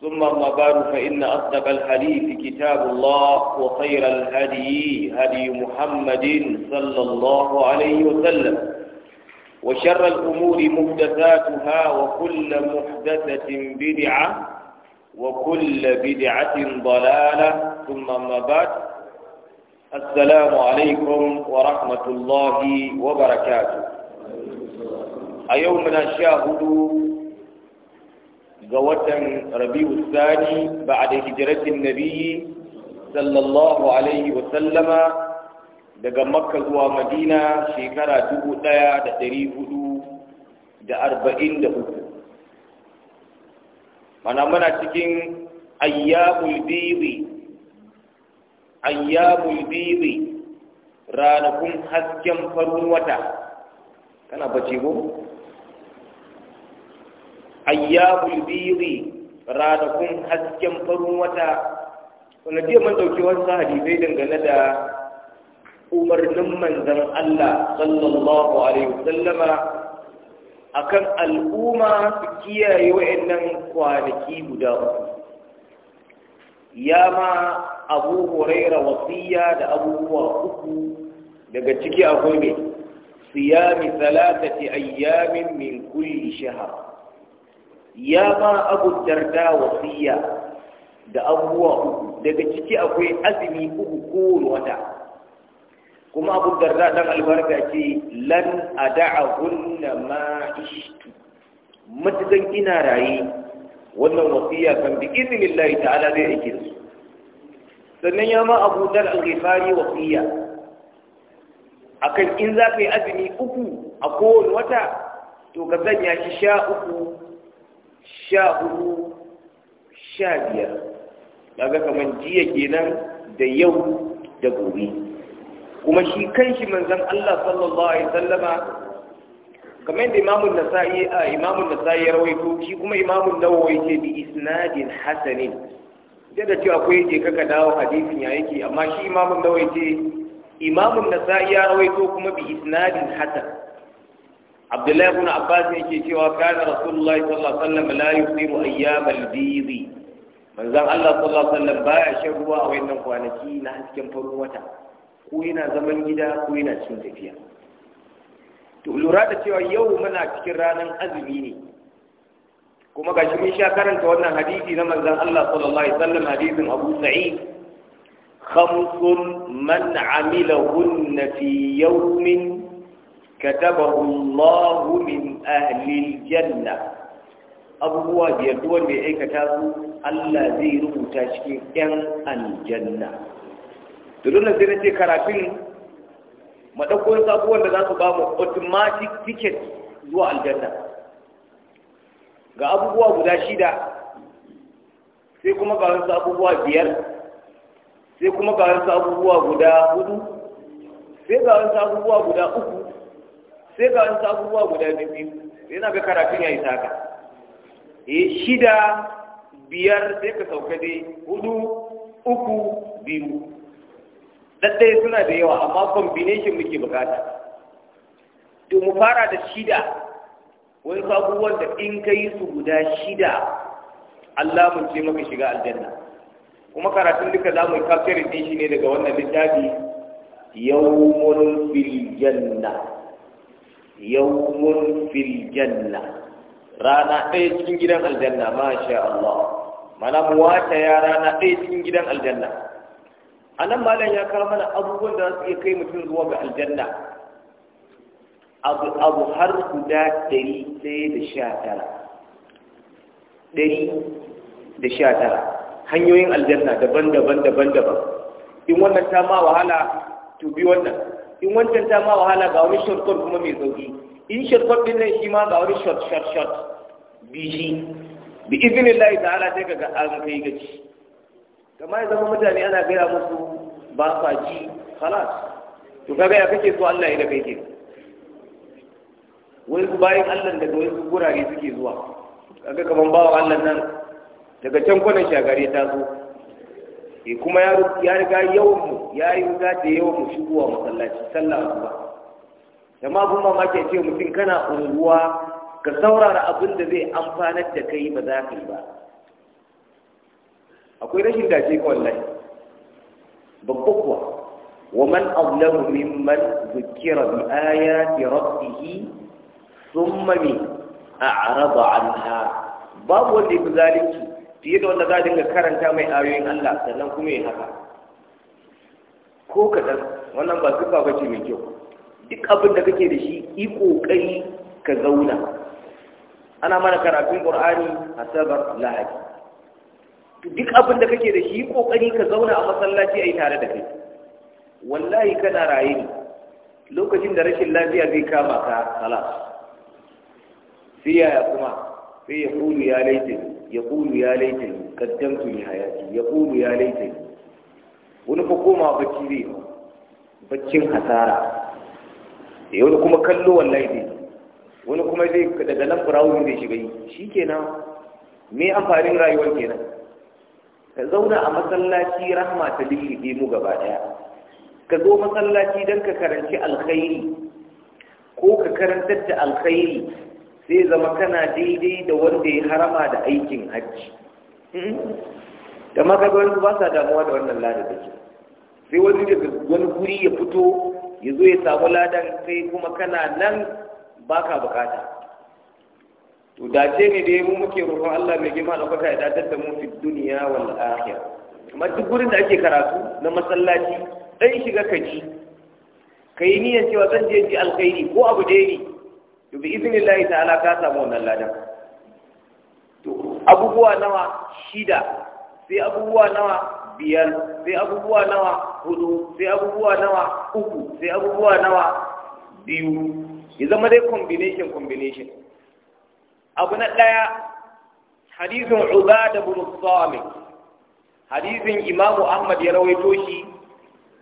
ثم ما بعد فإن أصدق الحديث كتاب الله وخير الهدي هدي محمد صلى الله عليه وسلم وشر الأمور محدثاتها وكل محدثة بدعة وكل بدعة ضلالة ثم ما بعد السلام عليكم ورحمة الله وبركاته أيومنا شاهدوا ga watan rabi'u sani ba'da hijratin nabiyyi sallallahu alaihi wa sallama daga makka zuwa madina shekara 1443 mana mana cikin ayyamul bidi ayyamul bidi ranakun hasken farin wata kana bace ko ayyabul biri ranakun hasken farin wata wanda jiya man dauki wasu hadisai dangane da umarnin manzan Allah sallallahu alaihi wasallama akan al'umma su kiyaye wa'annan kwanaki guda uku ya ma abu huraira wasiya da abubuwa uku daga ciki akwai mai siyami salatati ayyamin min kulli shahar ya ma abu darda wasiya da abubuwa uku daga ciki akwai azumi uku ko wata kuma abu darda dan albarka ce lan ada'a kunna ma ishtu matukan ina raye wannan wasiya kan bi iznillahi ta'ala zai aiki da su sannan ya ma abu dar alghifari wasiya akan in za ka yi azumi uku a kowane wata to ka sanya shi sha uku sha hudu sha biyar daga kamar jiya kenan da yau da gobe kuma shi kan shi manzon Allah sallallahu alaihi wasallama kamar yadda imamun nasa'i a imamun nasa'i ya rawaito shi kuma imamun nawawi ce bi isnadin hasanin da da cewa akwai je kaka dawo hadisin ya yake amma shi imamun nawawi ce imamun nasa'i ya rawaito kuma bi isnadin hasan abdullahi ibn abbas yake cewa kana rasulullahi sallallahu alaihi wasallam la yusiru ayyamal bidi manzon Allah sallallahu alaihi wasallam baya shan ruwa a wannan kwanaki na hasken farin ko yana zaman gida ko yana cin tafiya to lura da cewa yau muna cikin ranar azumi ne kuma gashi mun sha karanta wannan hadisi na manzon Allah sallallahu alaihi wasallam hadisin Abu Sa'id خمس من عملهن في يوم katabahu Allahu min ahli aljanna. abubuwa biyar duk wanda ya aikata su Allah zai rubuta cikin ɗan aljanna to dole sai nace karafin mu dauko sabuwan da za su ba mu automatic ticket zuwa aljanna ga abubuwa guda shida sai kuma ga wasu abubuwa biyar sai kuma ga wasu abubuwa guda hudu sai ga wasu abubuwa guda uku sai ga wasu abubuwa guda biyu yana ga karafin ya yi saka e eh, shida biyar sai ka sauka dai hudu uku biyu daddai suna da yawa amma combination muke bukata to mu fara da shida wani sabuwa da in ka yi su guda shida Allah mun ce maka shiga aljanna kuma karatun duka za mu yi kafirin shi ne daga wannan littafi yawon filiyan na yawmun fil janna rana ɗaya cikin gidan aljanna masha Allah mana mu wata ya rana ɗaya cikin gidan aljanna anan malam ya kawo mana abubuwan da za su iya kai mutum zuwa ga aljanna abu abu har guda ɗari ɗaya da sha tara ɗari da sha tara hanyoyin aljanna daban-daban daban-daban in wannan ta ma wahala to bi wannan in wancan ta ma wahala ga wani shortcut kuma mai sauki in shortcut din nan shi ma ga wani short short short bi shi bi ta ala sai ga an kai gaci kamar zama mutane ana gaya musu ba sa ji halas to kaga ya kake so Allah ya da kai ke wai su bayan Allah daga wai su gurare suke zuwa kaga kaman bawo Allah nan daga can kwanan shagari ta zo eh kuma ya riga yawan mu ya yi riga da yawan mu shigowa masallaci sallah ba kuma ma ke ce mutum kana unguwa ka saurara abin da zai amfanar da kai ba za ka yi ba akwai rashin dace ko wallahi babba kuwa wa man azlamu mimman zukira bi ayati rabbih thumma mi a'rada anha babu wanda ya zalunci shi da wanda za a dinga karanta mai ayoyin Allah sannan kuma ya haka ko kaɗan wannan ba sufa ba ce mai kyau duk abin da kake da shi yi ƙoƙari ka zauna ana mana karatun ƙur'ani a sabar lahadi duk abin da kake da shi yi ƙoƙari ka zauna a masallaci a yi tare da kai wallahi kana raye ne lokacin da rashin lafiya zai kama ka kala sai yaya kuma sai ya hulu ya laifin yaqulu ya laitani qaddamtu li hayati yaqulu ya laitani wani fa koma bacci zai yi baccin hasara eh wani kuma kallo wallahi zai wani kuma zai daga nan firawun zai shiga yi Shi kenan. me amfanin rayuwar kenan ka zauna a masallaci rahma ta lillige mu gaba daya ka zo masallaci don ka karanci alkhairi ko ka karantar da alkhairi Sai zama kana daidai da wanda ya harama da aikin hajji da makagarsu ba sa damuwa da wannan lada da ke sai wani daga wani guri ya fito ya zo ya samu ladan kai kuma kana nan ba ka bukata to dace ne da mu muke roƙon Allah mai girma da kwata ya dadar da mu fi duniya wal akhirah amma duk gurin da ake karatu na masallaci ɗan shiga kaji yi niyyar cewa zan je ji alkhairi ko abu da yi to bi iznillahi ta'ala ka samu wannan ladan to abubuwa nawa shida sai abubuwa nawa biyar sai abubuwa nawa hudu sai abubuwa nawa uku sai abubuwa nawa biyu ya zama dai combination combination abu na ɗaya hadisin ubada bin samit hadisin imamu ahmad ya rawaito shi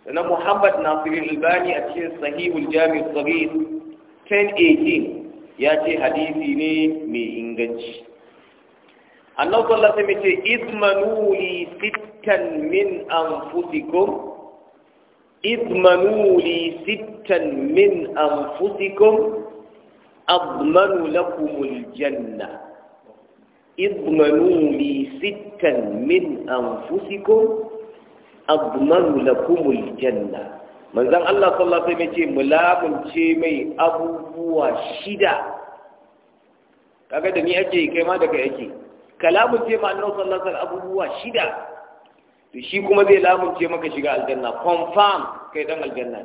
na muhammad nasiru albani a cikin sahihul jami' sahih 1018 ya ce hadisi ne mai inganci annabi sallallahu alaihi wasallam ce izmanu li sittan min anfusikum اضمنوا لي ستا من أنفسكم lakumul janna الجنة اضمنوا لي ستا من أنفسكم أضمن لكم الجنة manzan Allah sallallahu alaihi wasallam ya ce mulabunce mai abubuwa shida kaga da ni ake kai ma daga yake kalamun ce ma annabi sallallahu alaihi wasallam abubuwa shida to shi kuma zai lamunce maka shiga aljanna confirm kai dan aljanna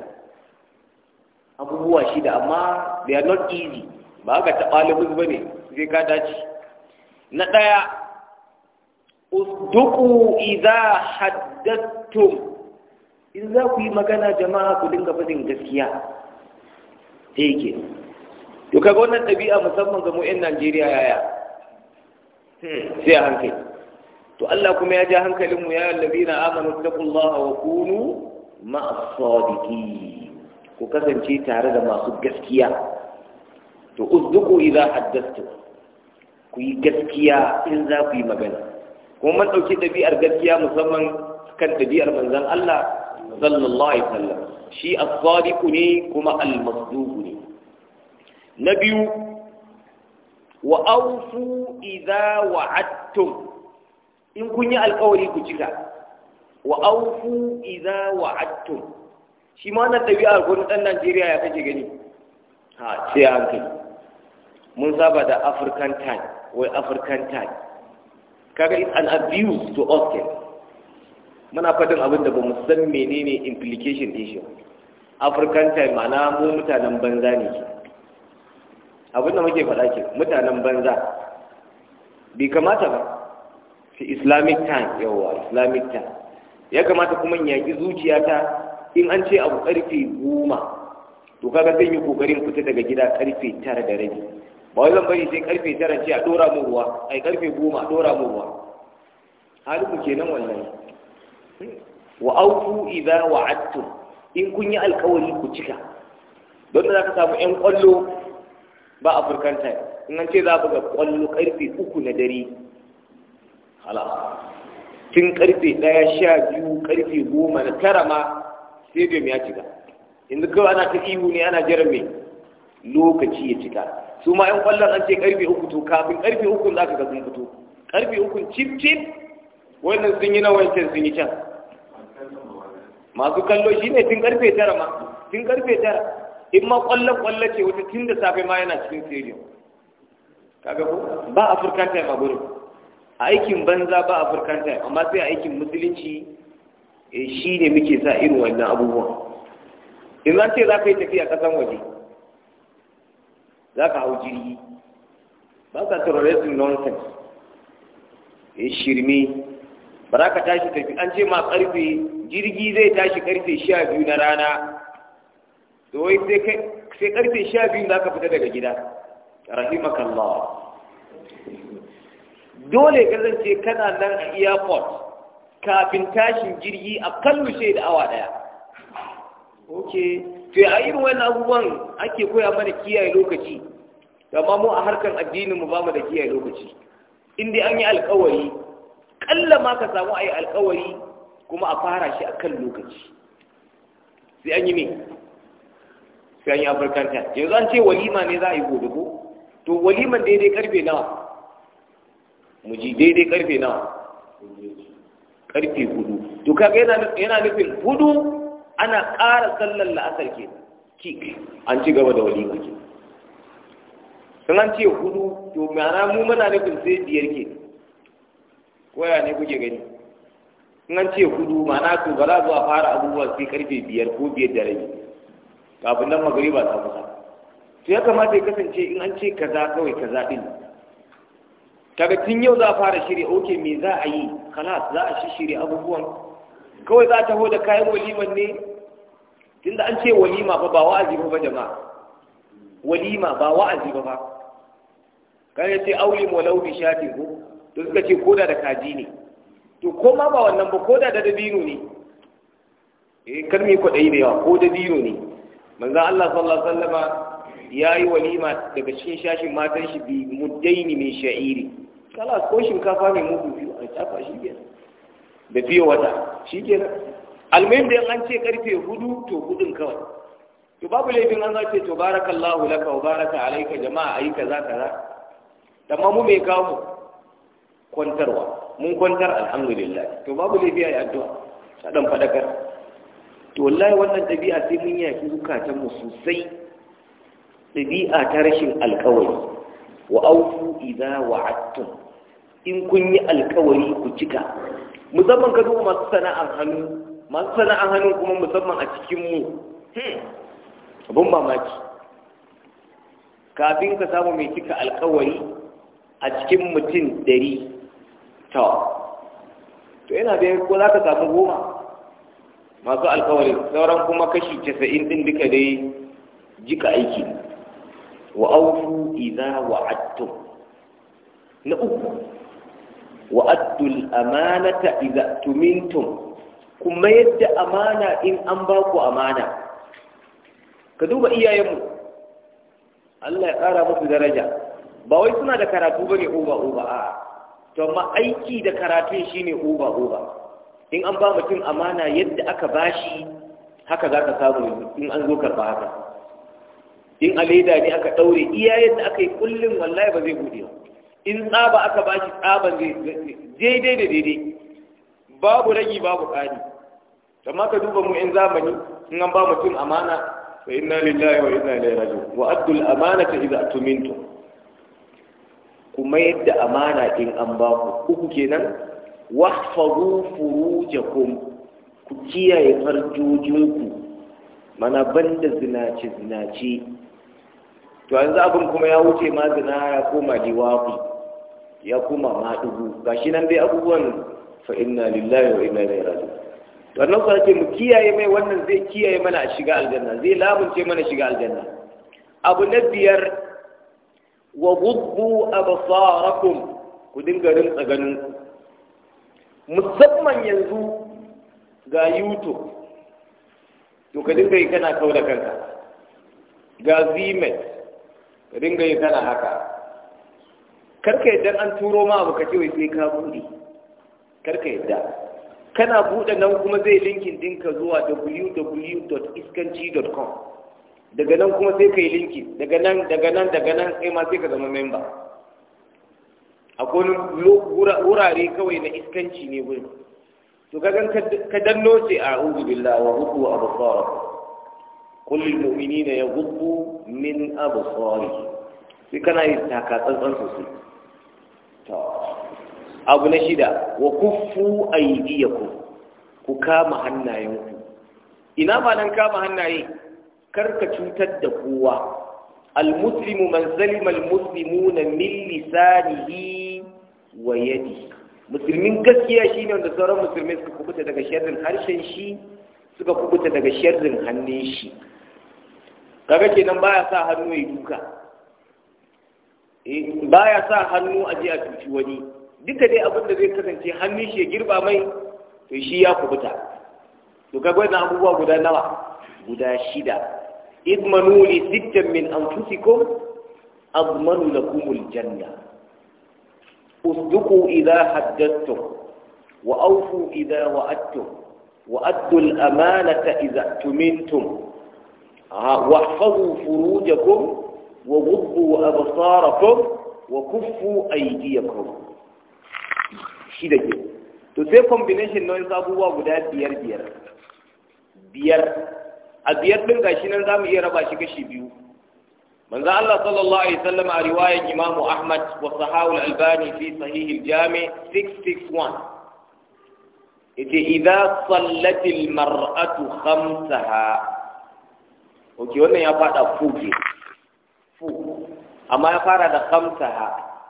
abubuwa shida amma they are not easy ba ka taɓa ba ne zai ka dace na ɗaya usduku idza haddattum in za ku yi magana jama'a ku dinga faɗin gaskiya ta yake to kaga wannan ɗabi'a musamman ga mu'in 'yan najeriya yaya sai a hankali to Allah kuma ya ja hankalinmu ya allazina amanu taqullaha wa kunu ma'as-sadiqin ku kasance tare da masu gaskiya to usduqu idza haddathtum ku yi gaskiya in za ku yi magana kuma man ɗauki ɗabi'ar gaskiya musamman kan dabi'ar manzon Allah sallallahu alaihi wasallam shi as-sadiqu ne kuma al-masduqu ne na biyu wa awfu idza wa'adtum in kun yi alƙawari ku cika wa awfu idza wa'adtum shi ma na a gurin ɗan Najeriya ya kake gani ha sai an kai mun saba da African time wai African time kaga it's an abuse to us muna fadin abin da ba mu san menene implication din shi african time mana mu mutanen banza ne abin da muke faɗa ke mutanen banza bai kamata ba fi islamic time yawa islamic time ya kamata kuma yaƙi zuciyata in an ce abu ƙarfe goma to kaga zan yi kokarin fita daga gida karfe tara da rabi ba wai zan bari sai karfe tara ce a dora mu ruwa ai karfe goma a dora mu ruwa halimu kenan wallahi wa auku idza wa'adtu in kun yi alkawari ku cika don za ka samu ƴan ƙwallo ba a furkanta in an ce za ga ƙwallo ƙarfe uku na dare hala tun ƙarfe ɗaya sha biyu ƙarfe goma na tara ma stadium ya cika yanzu kawai ana ta ihu ne ana jiran mai lokaci ya cika su ma ƴan kwallon an ce ƙarfe uku to kafin ƙarfe uku za ka ga sun fito ƙarfe uku cip cip wannan sun yi na wancan sun yi can masu kallo shi ne tun karfe tara ma tun karfe tara in ma kwallon kwallon ce wata tun da safe ma yana cikin stadium kaga ko ba african time a gurin a aikin banza ba african time amma sai a aikin musulunci eh, shi ne muke sa irin wannan abubuwan in za ce za ka yi tafiya kasan waje za ka hau jirgi ba ka terrorism nonsense ya eh, shirme ba za ka tashi tafi an ce ma karfe jirgi zai tashi karfe sha biyu na rana to wai sai karfe sha biyu za ka fita daga gida rahimakallah dole kasance kana nan a airport kafin tashin jirgi a kallushe da awa daya ok to a irin wani abubuwan ake koya mana kiyaye lokaci amma mu a harkar addinin mu ba mu da kiyaye lokaci inda an yi alkawari Ƙalla ma ka samu a yi alkawari kuma a fara shi a kan lokaci sai an yi me sai an yi afirkanta time yanzu an ce walima ne za a yi gobe ko to waliman daidai karfe nawa muji daidai karfe nawa karfe hudu to kaga yana nufin hudu ana ƙara sallar la'asar ke kik an ci gaba da walima ke sun an ce hudu to ma'ana mu muna nufin sai biyar ke koya ne kuke gani in an ce kudu ma'ana to ba za zuwa fara abubuwa sai karfe biyar ko biyar da rai kafin nan ba ta kusa to ya kamata ya kasance in an ce kaza kawai kaza din kaga tun yau za a fara shirya oke me za a yi kalas za a shi shirya abubuwan kawai za a taho da kayan waliman ne tunda an ce walima ba ba wa'azi ba jama'a walima ba wa'azi ba ba kan ya ce aulim walau bi shatin ko to suka ce koda da kaji ne to ko ma ba wannan ba koda da dabino ne eh kar mu kwaɗayi da yawa ko dabino ne manzo Allah sallallahu alaihi wasallama yayi walima daga cikin shashin matan shi bi mudaini min sha'iri kala ko shinkafa ne mu biyu a tafa shi ke da biyo wata shi kenan almuhim da an ce karfe hudu to hudun kawai to babu laifin an zace to barakallahu laka wa baraka alayka jama'a ayi kaza kaza tamma mu mai kawo kwantarwa mun kwantar alhamdulillah to babu laifi ya yi addu'a ta dan fadakar to wallahi wannan ɗabi'a sai mun yaki zukatan mu sosai ɗabi'a ta rashin alkawari wa aufu idza wa'adtum in kun yi alkawari ku cika musamman ka duba masu sana'ar hannu masu sana'ar hannu kuma musamman a cikin mu hmm. abin mamaki kafin ka samu mai cika alkawari a cikin mutum dari to to yana da ko za ka samu goma masu alkawari sauran kuma kashi casa'in ɗin duka dai jika aiki wa aufu idza wa'adtum na uku wa'addu al-amanata idza tumintum kuma yadda amana in an ba ku amana ka duba iyayenmu Allah ya tsara musu daraja ba wai suna da karatu ba bane uba uba a'a to amma aiki da karatun shine uba uba in an ba mutum amana yadda aka bashi haka za ka samu in an zo karɓa haka in a leda ne aka ɗaure iya yadda aka yi kullum wallahi ba zai buɗe in tsaba aka bashi tsaban daidai da daidai babu ragi babu ƙari amma ka duba mu in zamani in an ba mutum amana fa inna lillahi wa inna ilaihi raji'un wa addul amanata idza tumintum Kuma yadda amana in an ba ku uku kenan wahfazu furujakum ku kiyaye farjojinku mana banda zinace zinace to yanzu abin kuma ya wuce ma zina ya koma liwafi ya koma maɗugu gashi nan dai abubuwan fa inna lillahi wa inna ilaihi raji'un wannan sa ce mu kiyaye mai wannan zai kiyaye mana a shiga aljanna zai lamunce mana shiga aljanna abu na biyar wa guddu absarakum ku dinga tsaganin ganin musamman yanzu ga youtube to ka dinga yi kana kau da kanka ga zimet ka dinga yi kana haka karka yadda an turo ma abu ka ce wai sai ka buɗe karka yadda kana buɗe nan kuma zai linkin dinka zuwa www.iskanci.com daga nan kuma sai ka yi linki daga nan daga nan daga nan sai ma sai ka zama memba akwai wurare kawai na iskanci ne wurin to gan ka danno ce a uzu billah wa hudu a basara kullum mu'mini na ya gudu min a ne. sai kana yi taka tsantsan sosai abu na shida wa kuffu aydiyakum ku kama hannayenku ina ba nan kama hannaye karka cutar da kowa almuslimu man zalima almuslimuna min lisanihi wa yadi musulmin gaskiya shine wanda sauran musulmai suka kubuta daga sharrin harshen shi suka kubuta daga sharrin hannun shi kaga kenan baya sa hannu ya duka eh, baya sa hannu a je a cuci wani duka dai abin da zai kasance hannun shi ya girba mai to shi ya kubuta to kaga wannan abubuwa guda nawa guda shida اضمنوا لي ستا من أنفسكم أضمن لكم الجنة اصدقوا إذا حدثتم وأوفوا إذا وعدتم وأدوا الأمانة إذا أتمنتم آه، واحفظوا فروجكم وغضوا أبصاركم وكفوا أيديكم to sai combination noise abubuwa guda biyar biyar biyar a biyar din gashi nan zamu iya raba shi gashi biyu manzo Allah sallallahu alaihi wasallam a riwayar Imam Ahmad wa Sahih al-Albani fi Sahih al-Jami 661 yace idza sallat al-mar'atu khamsaha oke wannan ya fada fuke fu amma ya fara da khamsaha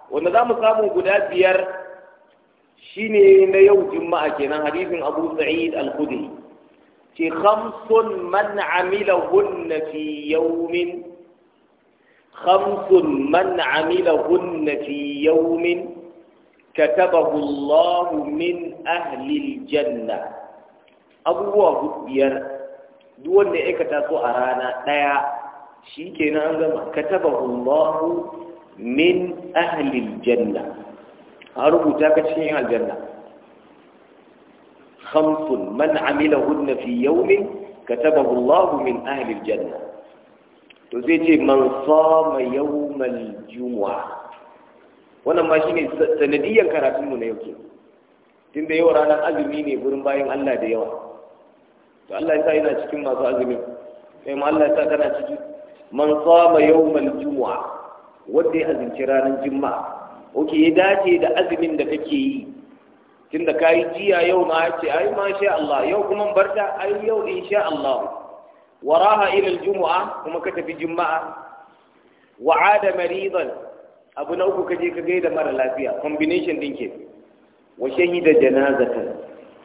wanda zamu samu guda biyar shine na yau juma'a kenan hadisin Abu Sa'id al-Khudri في خمس من عملهن في يوم خمس من عملهن في يوم كتبه الله من أهل الجنة أبو أبير دون أي سو أرانا نيا شيكينا أنجم كتبه الله من أهل الجنة أربو تاكت شيئا الجنة. khamsun man amilahunna fi yawmin katabahu Allah min ahli janna. to zai ce man sama yawmal jumu'a wannan ma shine sanadiyan karatun mu na yau tunda yau ranar azumi ne gurin bayan Allah da yawa to Allah ya sa yana cikin masu azumi man sama yawmal jumu'a wanda ya azumci ranar juma'a oke ya dace da azumin da kake yi tunda ka yi jiya yau ma ce ai ma sha Allah yau kuma barta ai yau insha Allah waraha ila aljum'a kuma ka tafi juma'a wa ada maridan abu na uku je ka gaida mara lafiya combination din ke wa shahida jana'zata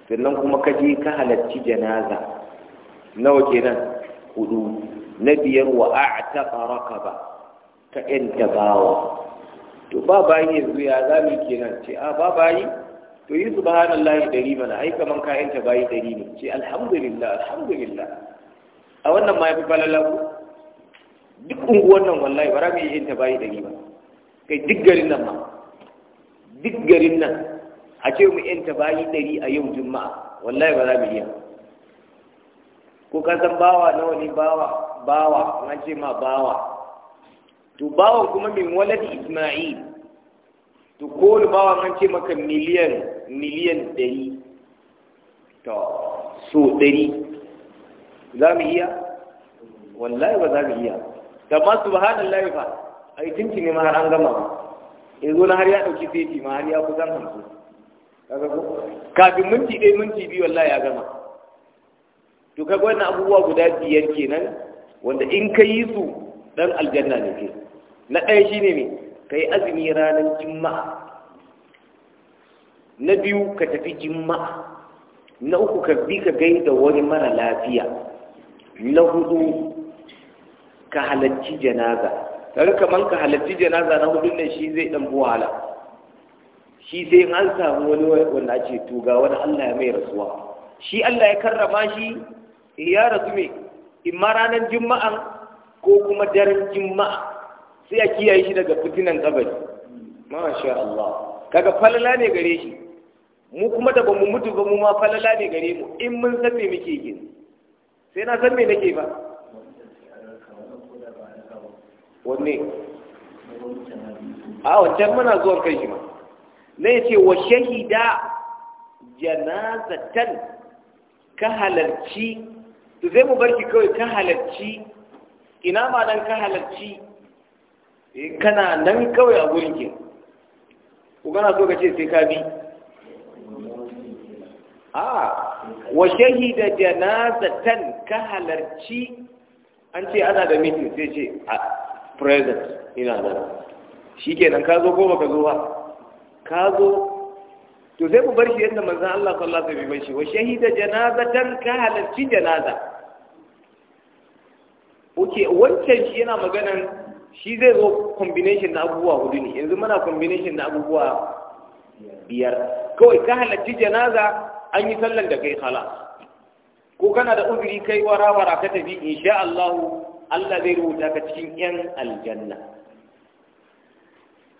sannan kuma kaje ka halarci janaza nawa kenan hudu na biyar wa a'taqa raqaba ka yanta bawa to ba yanzu ya zamu kenan ce a ba to yi subhanallahi dari mana ai kaman kayan ta bayi dari ne ce alhamdulillah alhamdulillah a wannan ma yafi falala ku duk unguwar nan wallahi bara mu yi ta bayi dari ba kai duk garin nan ma duk garin nan a ce mu yanta bayi dari a yau juma'a wallahi ba za mu iya ko ka san bawa nawa ne bawa bawa an ce ma bawa to bawa kuma min walad isma'il to ko bawa an ce maka miliyan miliyan ɗari to so ɗari za mu iya wallahi ba za mu iya su ba amma subhanallahi a yi tinki ne mahar an gama ba. zo na har ya ɗauki feti ma har ya kusan hamsin kafin minti ɗaya minti biyu wallahi ya gama to kai wannan abubuwa guda biyar kenan wanda in ka yi su ɗan aljanna ne ke na ɗaya shi ne Ka yi azumi ranar juma'a na biyu ka tafi jima'a na uku ka bi ka gaida wani mara lafiya na hudu ka halarci janaza kaga kamar ka halarci janaza na hudu ne shi zai dan buwala shi sai an samu wani wanda ake tuga wani Allah ya mai rasuwa shi Allah ya karrama shi ya rasu me imma ranar juma'an ko kuma daren juma'a sai a kiyaye shi daga fitinan kabari masha Allah kaga falala ne gare shi mu kuma da bamu mutu ba mu ma falala ne gare mu in mun san me muke yi sai na san me nake ba wanne a wancan muna zuwan kai shi ma na yace wa shahida janazatan ka halarci to zai mu barki kawai ka halarci ina ma dan ka halarci eh, kana nan kawai a gurin ke ku kana so ka ce sai ka bi a wa shahida janazatan ka halarci an ce ana da meeting sai ce a present ina nan shikenan ka zo ko baka zo ba ka zo to sai mu bar shi yadda manzon Allah sallallahu alaihi wasallam bai shi wa shahida janazatan ka halarci janaza oke wancan shi yana maganan shi zai zo combination na abubuwa hudu ne yanzu muna combination na abubuwa biyar kawai ka halarci janaza an yi sallan da kai khalas ko kana da uzuri kai warawara ka tafi insha Allah Allah zai rubuta ka cikin yan aljanna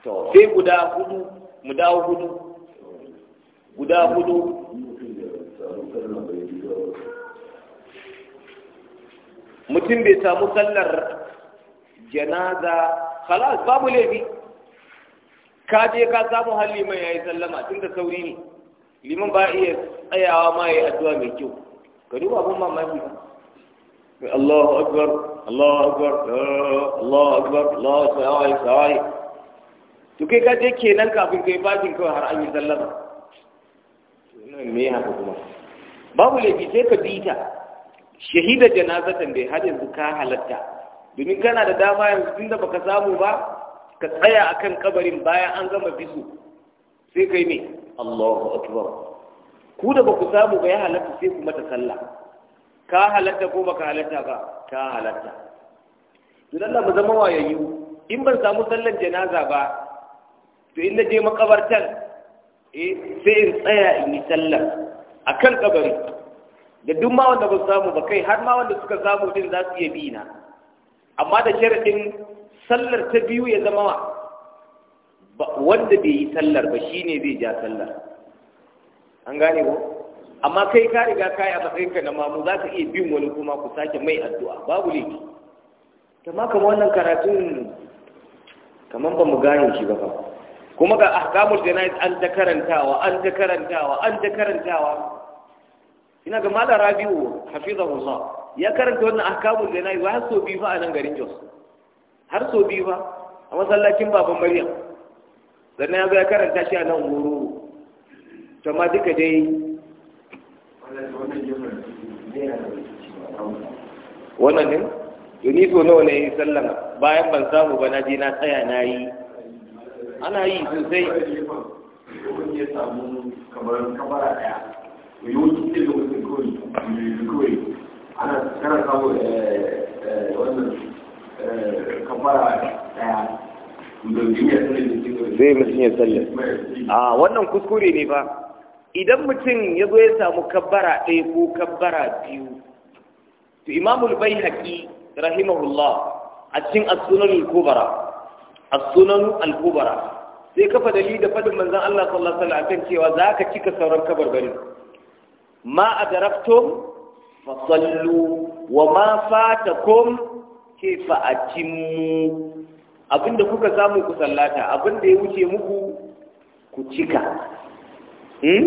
to sai guda hudu mu dawo hudu guda hudu mutum bai samu sallar janaza khalas babu laifi ka je ka samu halli mai yayi sallama tunda sauri ne liman ba iya tsayawa ma ya addu'a mai kyau ka duba abin mamaki ba Allahu akbar Allahu akbar Allahu akbar Allahu sawai sawai to kai ka je kenan kafin kai bakin kawai har an yi sallama me haka kuma babu laifi sai ka bi ta shahida janazatan dai har yanzu ka halatta domin kana da dama yanzu tunda baka samu ba ka tsaya akan kabarin bayan an gama bisu sai kai me Allahu akbar ku da ba ku samu ba ya halatta sai ku mata sallah ka halatta ko baka halatta ba ka halatta don Allah mu zama wayayyu in ban samu sallan janaza ba to in na je makabartan eh sai in tsaya in yi sallar akan kabari da duk ma wanda ba samu ba kai har ma wanda suka samu din za su iya bi na amma da sharadin sallar ta biyu ya zama wa wanda bai yi sallar ba shine zai ja sallar an gane ba? amma kai ka riga kai a matsayin ka na mamu za ka iya bin wani kuma ku sake mai addu'a babu laifi kamar kama wannan karatun kamar ba mu gane shi ba fa kuma ga ahkamul janayis an ta karantawa an ta karantawa an ta karantawa ina ga malam rabiu hafizahullah ya karanta wannan ahkamul janayis har so biyu fa a nan garin Jos har so biyu fa a masallacin baban Maryam sannan ya zai karanta shi a nan wuru to ma duka dai wannan ne yuni so nawa ne sallan bayan ban samu ba na je na tsaya na yi ana yi sosai kamar ana samu wannan daya da duniya sun sai mutum ya sallar a wannan kuskure ne fa idan mutum ya zo ya samu kabbara ɗaya ko kabbara biyu to imamul bai haƙi rahimahullah a cikin as-sunan al-kubara al-kubara sai kafa dalili da fadin manzon Allah sallallahu alaihi wasallam cewa ka cika sauran kabarbarin ma adraftum fa sallu wa ma fatakum kayfa atimmu abinda kuka samu ku sallata abinda ya wuce muku ku cika hmm?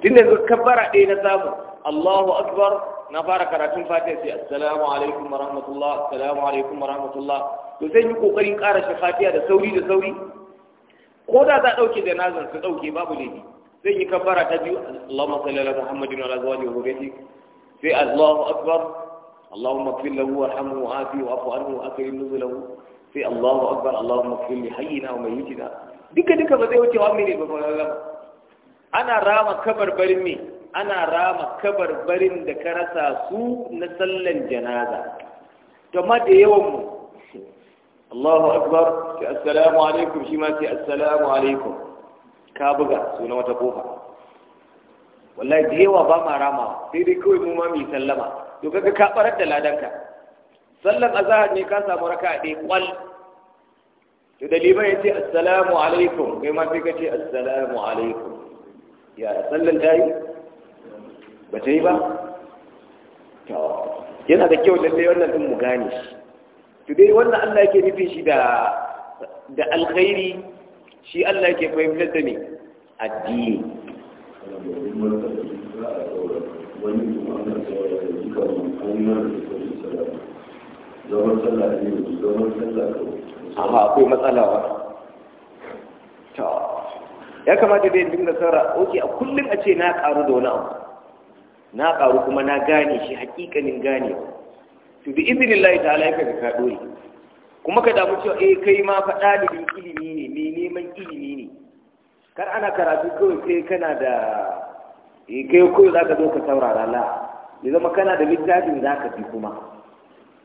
tun da kabbara ɗaya na samu Allahu akbar na fara karatun fatiha sai assalamu alaikum warahmatullah assalamu alaikum warahmatullah to sai yi kokarin ƙara shi fatiha da sauri da sauri ko da za ɗauke nazar su ɗauke babu laifi sai yi kabbara ta biyu Allahumma salli ala Muhammadin wa ala azwajihi wa dhurriyyatihi sai Allahu akbar Allahumma ighfir lahu warhamhu wa'afihi wa'fu anhu wa akrim nuzulahu sai Allahu akbar Allahumma kfir li hayyina wa mayyitina duka duka ba zai wuce wa mai ba ana rama kabar barin me ana rama kabar barin da ka rasa su na sallan janaza to ma da yawan mu Allahu akbar sai assalamu alaikum shi ma sai assalamu alaikum ka buga suna wata kofa wallahi da yawa ba ma rama sai dai kawai mu ma mu sallama to kaga ka barar da ladanka sallan azahar ne ka samu raka ɗaya ƙwal to da liman ya ce assalamu alaikum kai ma sai ka ce assalamu alaikum ya sallan ta yi ba ta yi ba yana da kyau da sai wannan din mu gane shi to dai wannan Allah ke nufin shi da da alkhairi shi Allah ke fahimtar da ne addini wani kuma ana tsawon da suka mun an nan da aha akwai matsala ba ta ya kamata dai dinga saura. oke a kullum a ce na karu da wani abu na karu kuma na gane shi hakikanin gane to bi iznillahi ta ya da ka ɗori, kuma ka damu cewa eh kai ma fa dalibin ilimi ne mai neman ilimi ne kar ana karatu kawai kai kana da eh kai kawai za ka zo ka saurara la ya zama kana da littafin za ka fi kuma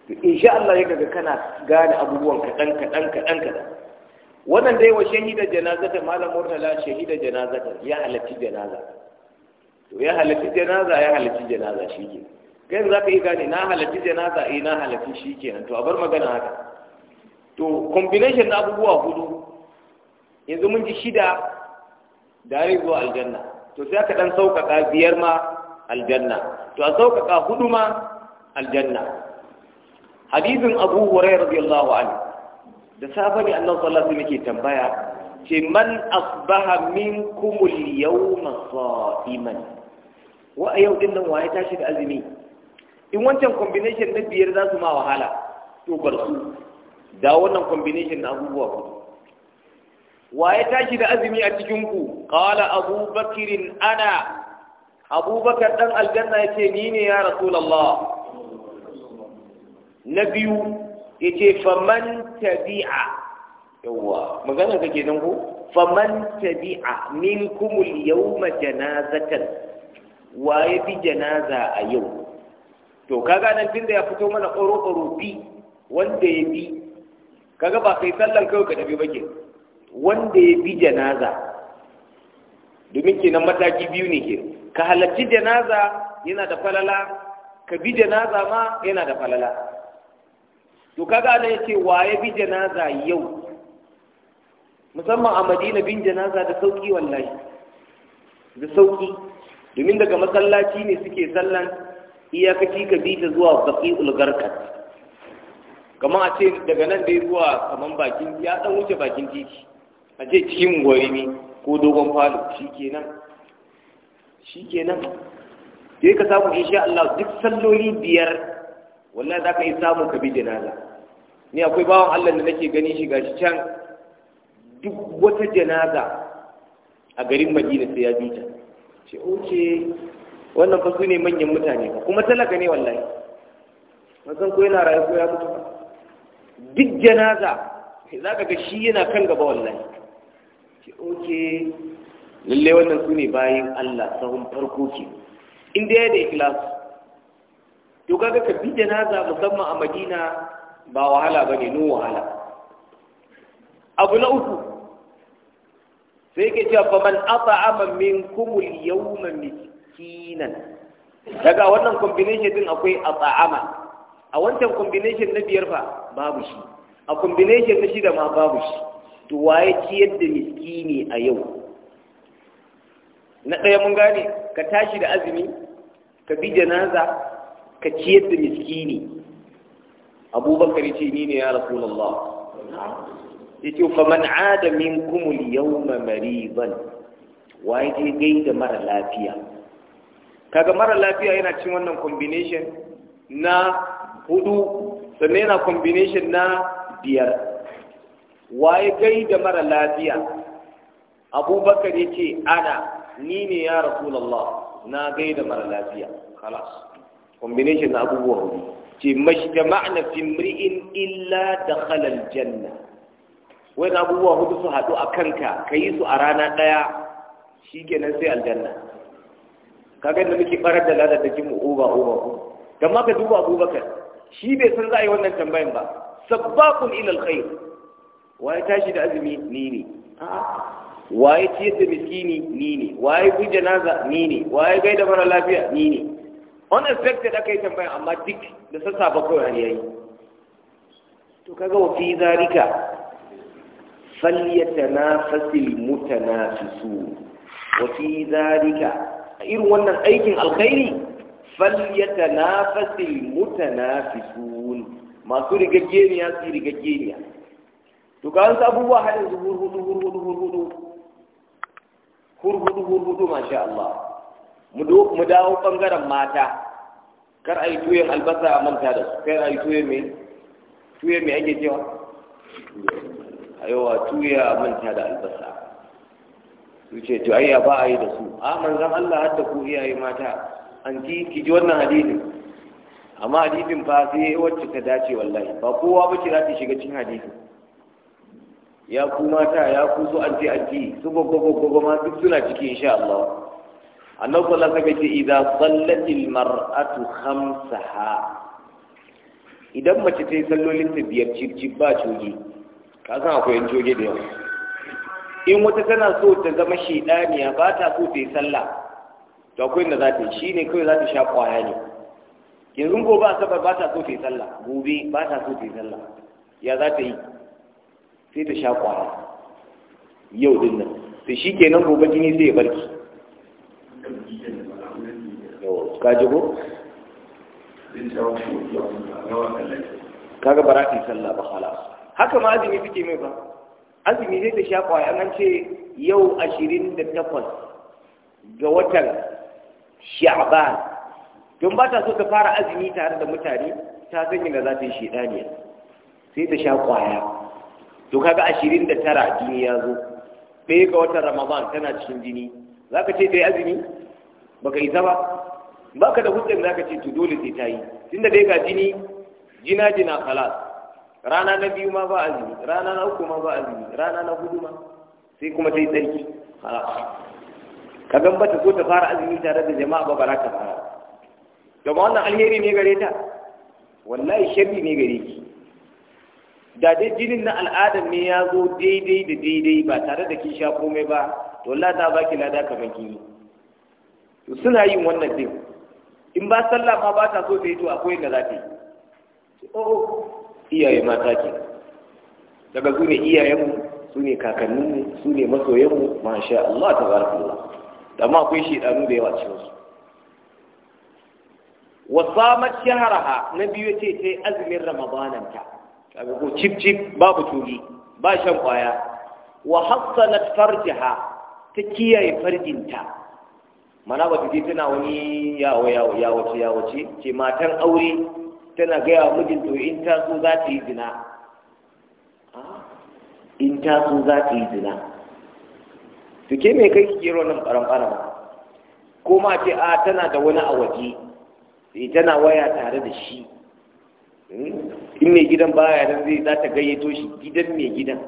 to insha Allah ya kaga kana gane abubuwan kaɗan kaɗan kaɗan kaɗan wannan dai wa shahida janazata malam murtala shahida janazata ya halatti janaza to ya halatti janaza ya halatti janaza shike kai za ka yi gane na halatti janaza eh na halatti nan to a bar magana haka to combination na abubuwa hudu yanzu mun ji shida dare zuwa aljanna to sai aka dan sauƙaƙa biyar ma aljanna to a sauƙaƙa hudu ma aljanna hadisin abu hurairah radiyallahu anhu da safa ne annabi sallallahu alaihi wasallam tambaya ce man asbaha minkum al-yawma sa'iman wa a yau din nan waye tashi da azumi in wancan combination na biyar za su ma wahala to bar su da wannan combination na abubuwa ku waye tashi da azumi a cikin ku qala abubakirin ana abubakar dan aljanna yace ni ne ya rasulullah na biyu yace faman tabi'a yawa magana kake nan ko faman tabi'a minkum al-yawma janazatan ya bi janaza a yau to kaga nan tunda ya fito mana ƙoro ƙoro bi wanda ya bi kaga ba kai sallan kawai ka tafi bake wanda ya bi janaza domin kenan mataki biyu ne ke ka halarci janaza yana da falala ka bi janaza ma yana da falala to kaga ana yace waye bi janaza yau musamman a madina bin janaza da sauki wallahi da sauki domin daga masallaci ne suke sallan iyakaci ka bi ta zuwa baki ulgarkat kamar a ce daga nan dai zuwa kamar bakin ya dan wuce bakin titi a ce cikin ne ko dogon falo shikenan shikenan sai ka samu insha Allah duk salloli biyar wallahi za ka yi samun ka bi janaza ni akwai bawan allah da nake gani shi gashi can duk wata janaza a garin madina sai ya bi ta ce oke wannan fa su ne manyan mutane ba kuma talaka ne wallahi san ko yana rayu ko ya mutu ba duk janaza za ka ga shi yana kan gaba wallahi ce oke lalle wannan su ne bayan allah sahun farko ke inda ya da ikilasu to kaga ka bi janaza musamman a madina ba wahala ba ne no wahala abu na uku sai ke cewa fa man at'ama minkum al-yawma miskinan daga wannan combination din akwai at'ama a wancan combination na biyar fa babu shi a combination na shida ma babu shi to waye ciyar da miskini a yau na ɗaya mun gane ka tashi da azumi ka bi janaza ka ciyar da miskini abubakar ce ni ne ya rasu rasulullah yace fa man adamin minkum al-yawma mariban waye gai da mara lafiya kaga mara lafiya yana cin wannan combination na hudu sannan yana combination na biyar waye da mara lafiya abubakar ya ce ana ni ne ya rasu lallah, na gai da mara lafiya khalas combination na abubuwa hudu ce mashtama'na fi mri'in illa da dakhala aljanna wani abubuwa hudu su haɗu a kanka ka yi su a rana ɗaya shi kenan sai aljanna kaga da muke barar da ladar da jin mu oba oba ko da ka duba abubakar shi bai san za a yi wannan tambayan ba sabbaqun ilal alkhair waye tashi da azumi ni ne waye ciyar da miskini ni ne waye bi janaza ni ne waye gaida mara lafiya ni ne unexpected aka yi tambaya amma duk da ba kowa ya yayi to kaga wa fi zalika falyatanafasil mutanafisu wa fi zalika irin wannan aikin alkhairi falyatanafasil mutanafisun masu rigageniya su rigageniya to ga wasu abubuwa hadin zuhur hudu hudu hudu hudu hudu masha Allah mu dawo bangaren mata kar a yi albasa a manta da su kar a yi tuyen mai tuyen mai ake cewa a yawa a manta da albasa su ce to ai ba a yi da su a manzan Allah har da ku iyaye mata an ki ki ji wannan hadisin amma hadisin fa sai wacce ta dace wallahi ba kowa ba ki za ta shiga cikin hadisi ya ku mata ya ku so an ce an ki su gogo gogo ma duk suna ciki insha Allah annabi sallallahu alaihi wasallam idza sallatil mar'atu khamsaha idan mace ta yi sallolin ta biyar cicci ba coge ka san akwai yan coge da yawa in wata tana so ta zama shedaniya ba ta so ta yi sallah to akwai da za ta yi shine kawai za ta sha kwaya ne yanzu ko ba sabar ba ta so ta yi sallah gobe ba ta so ta yi sallah ya za ta yi sai ta sha kwaya yau din nan to shikenan gobe jini sai ya barki kajibu kaga barakin sallah ba hala. haka ma azumi suke mai ba azumi zai ta sha an ce yau ashirin da takwas ga watan sha'ban don ba ta so ta fara azumi tare da mutane ta sanya da za ta yi sai ta sha to kaga ashirin da tara jini ya zo ɗaya ga watan ramadan tana cikin jini za ka ce ta yi azumi baka isa ba ba ka da hujjar da ka ce to dole sai ta yi tunda dai ga jini jina jina kala, rana na biyu ma ba azumi rana na uku ma ba azumi rana na hudu ma sai kuma ta yi tsarki ka gan bata ko ta fara azumi tare da jama'a ba bara ta fara Gama wannan alheri ne gare ta wallahi sharri ne gare ki da dai jinin na al'adar ne ya zo daidai da daidai ba tare da kin sha komai ba to Allah ta baki lada kamar kin yi to suna yin wannan din in ba sallah ma ba ta so ta yi to akwai da za ta yi oh, oh iyaye mata ce daga su ne iyayenmu su ne kakanninmu su ne masoyanmu masha Allah ta barakallah ma akwai shedanu da yawa cikin su wasamat shaharaha na biyu ce ta yi azumin ramadananta kaga ko cip cip babu tuli ba shan kwaya wa hassanat farjaha ta kiyaye farjinta mana ba je tana wani yawo yawo yawo ce yawo ce ce matan aure tana gaya wa mijin to in ta so za ta yi zina in ta so za ta yi zina to ke me kai ki kero nan ɓaran ba ko ma ce a tana da wani a waje sai eh, tana waya tare da shi hmm? in mai gidan baya nan zai za ta gayyato shi gidan mai gidan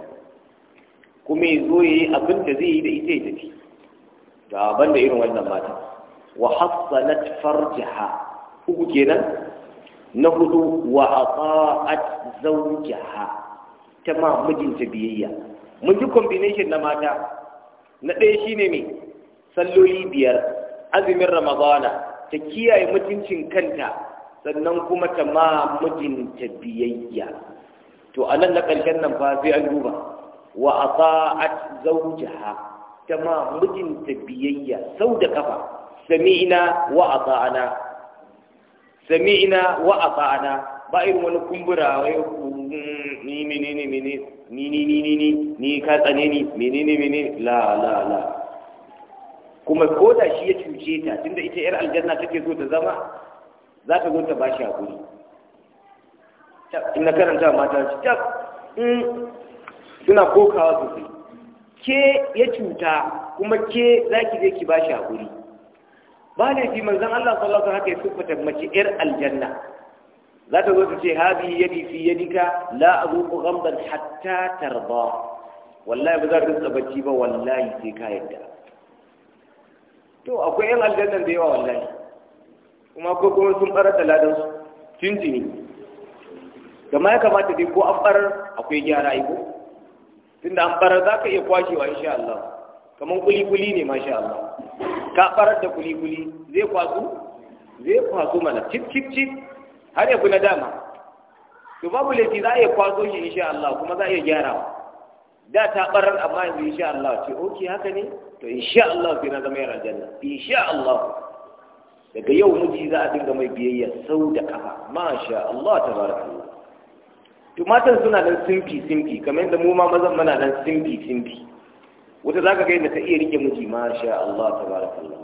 kuma ya zo ya yi abin da zai yi da ita ya tafi ga da irin wannan mata wa farjaha uku kenan na hudu wa ata'at zawjaha ta ma mijinta biyayya mun combination na mata na ɗaya shine me salloli biyar azumin ramadana ta kiyaye mutuncin kanta sannan kuma ta ma mijinta biyayya to anan na ƙarshen nan fa sai an duba wa ata'at zawjaha ta ma mijinta biyayya sau da kafa sami'ina wa a ata'ana sami'ina wa a ata'ana ba irin wani kumbura wai ni ni ni ni ni ni ni ni ni ni ni ka tsane ni menene menene la la la kuma ko da shi ya cuce ta tunda ita yar aljanna take so ta zama za ta zo ta shi hakuri in na karanta mata ci suna kokawa sosai ke ya cuta kuma ke za ki je ki ba shi haƙuri ba ne fi manzan Allah sallallahu alaihi haka ya siffata mace yar aljanna za ta zo ta ce habi yadi fi yadika la azuqu ghamdan hatta tarda wallahi ba za ta rinsa bacci ba wallahi sai ka yadda to akwai yan aljanna da yawa wallahi kuma akwai kuma sun ɓara da su tun jini gama ya kamata dai ko an ɓara akwai gyara iko tunda an barar za ka iya kwashewa insha Allah kamar kuli-kuli ne masha Allah ka barar da kuli-kuli zai kwasu zai kwasu mana cip cip cip har ya na dama to babu laifi za a iya kwaso shi insha Allah kuma za a iya gyara. da ta barar amma yanzu insha Allah ce ok haka ne to insha Allah sai na zama yara janna insha Allah daga yau miji za a dinga mai biyayya sau da kafa masha Allah tabarakallah Tumatir suna nan simfi simfi kamar yadda mu ma mazan mana nan simfi simfi wata za ka ga yadda ta iya rike miji sha Allah Ta tabarakallah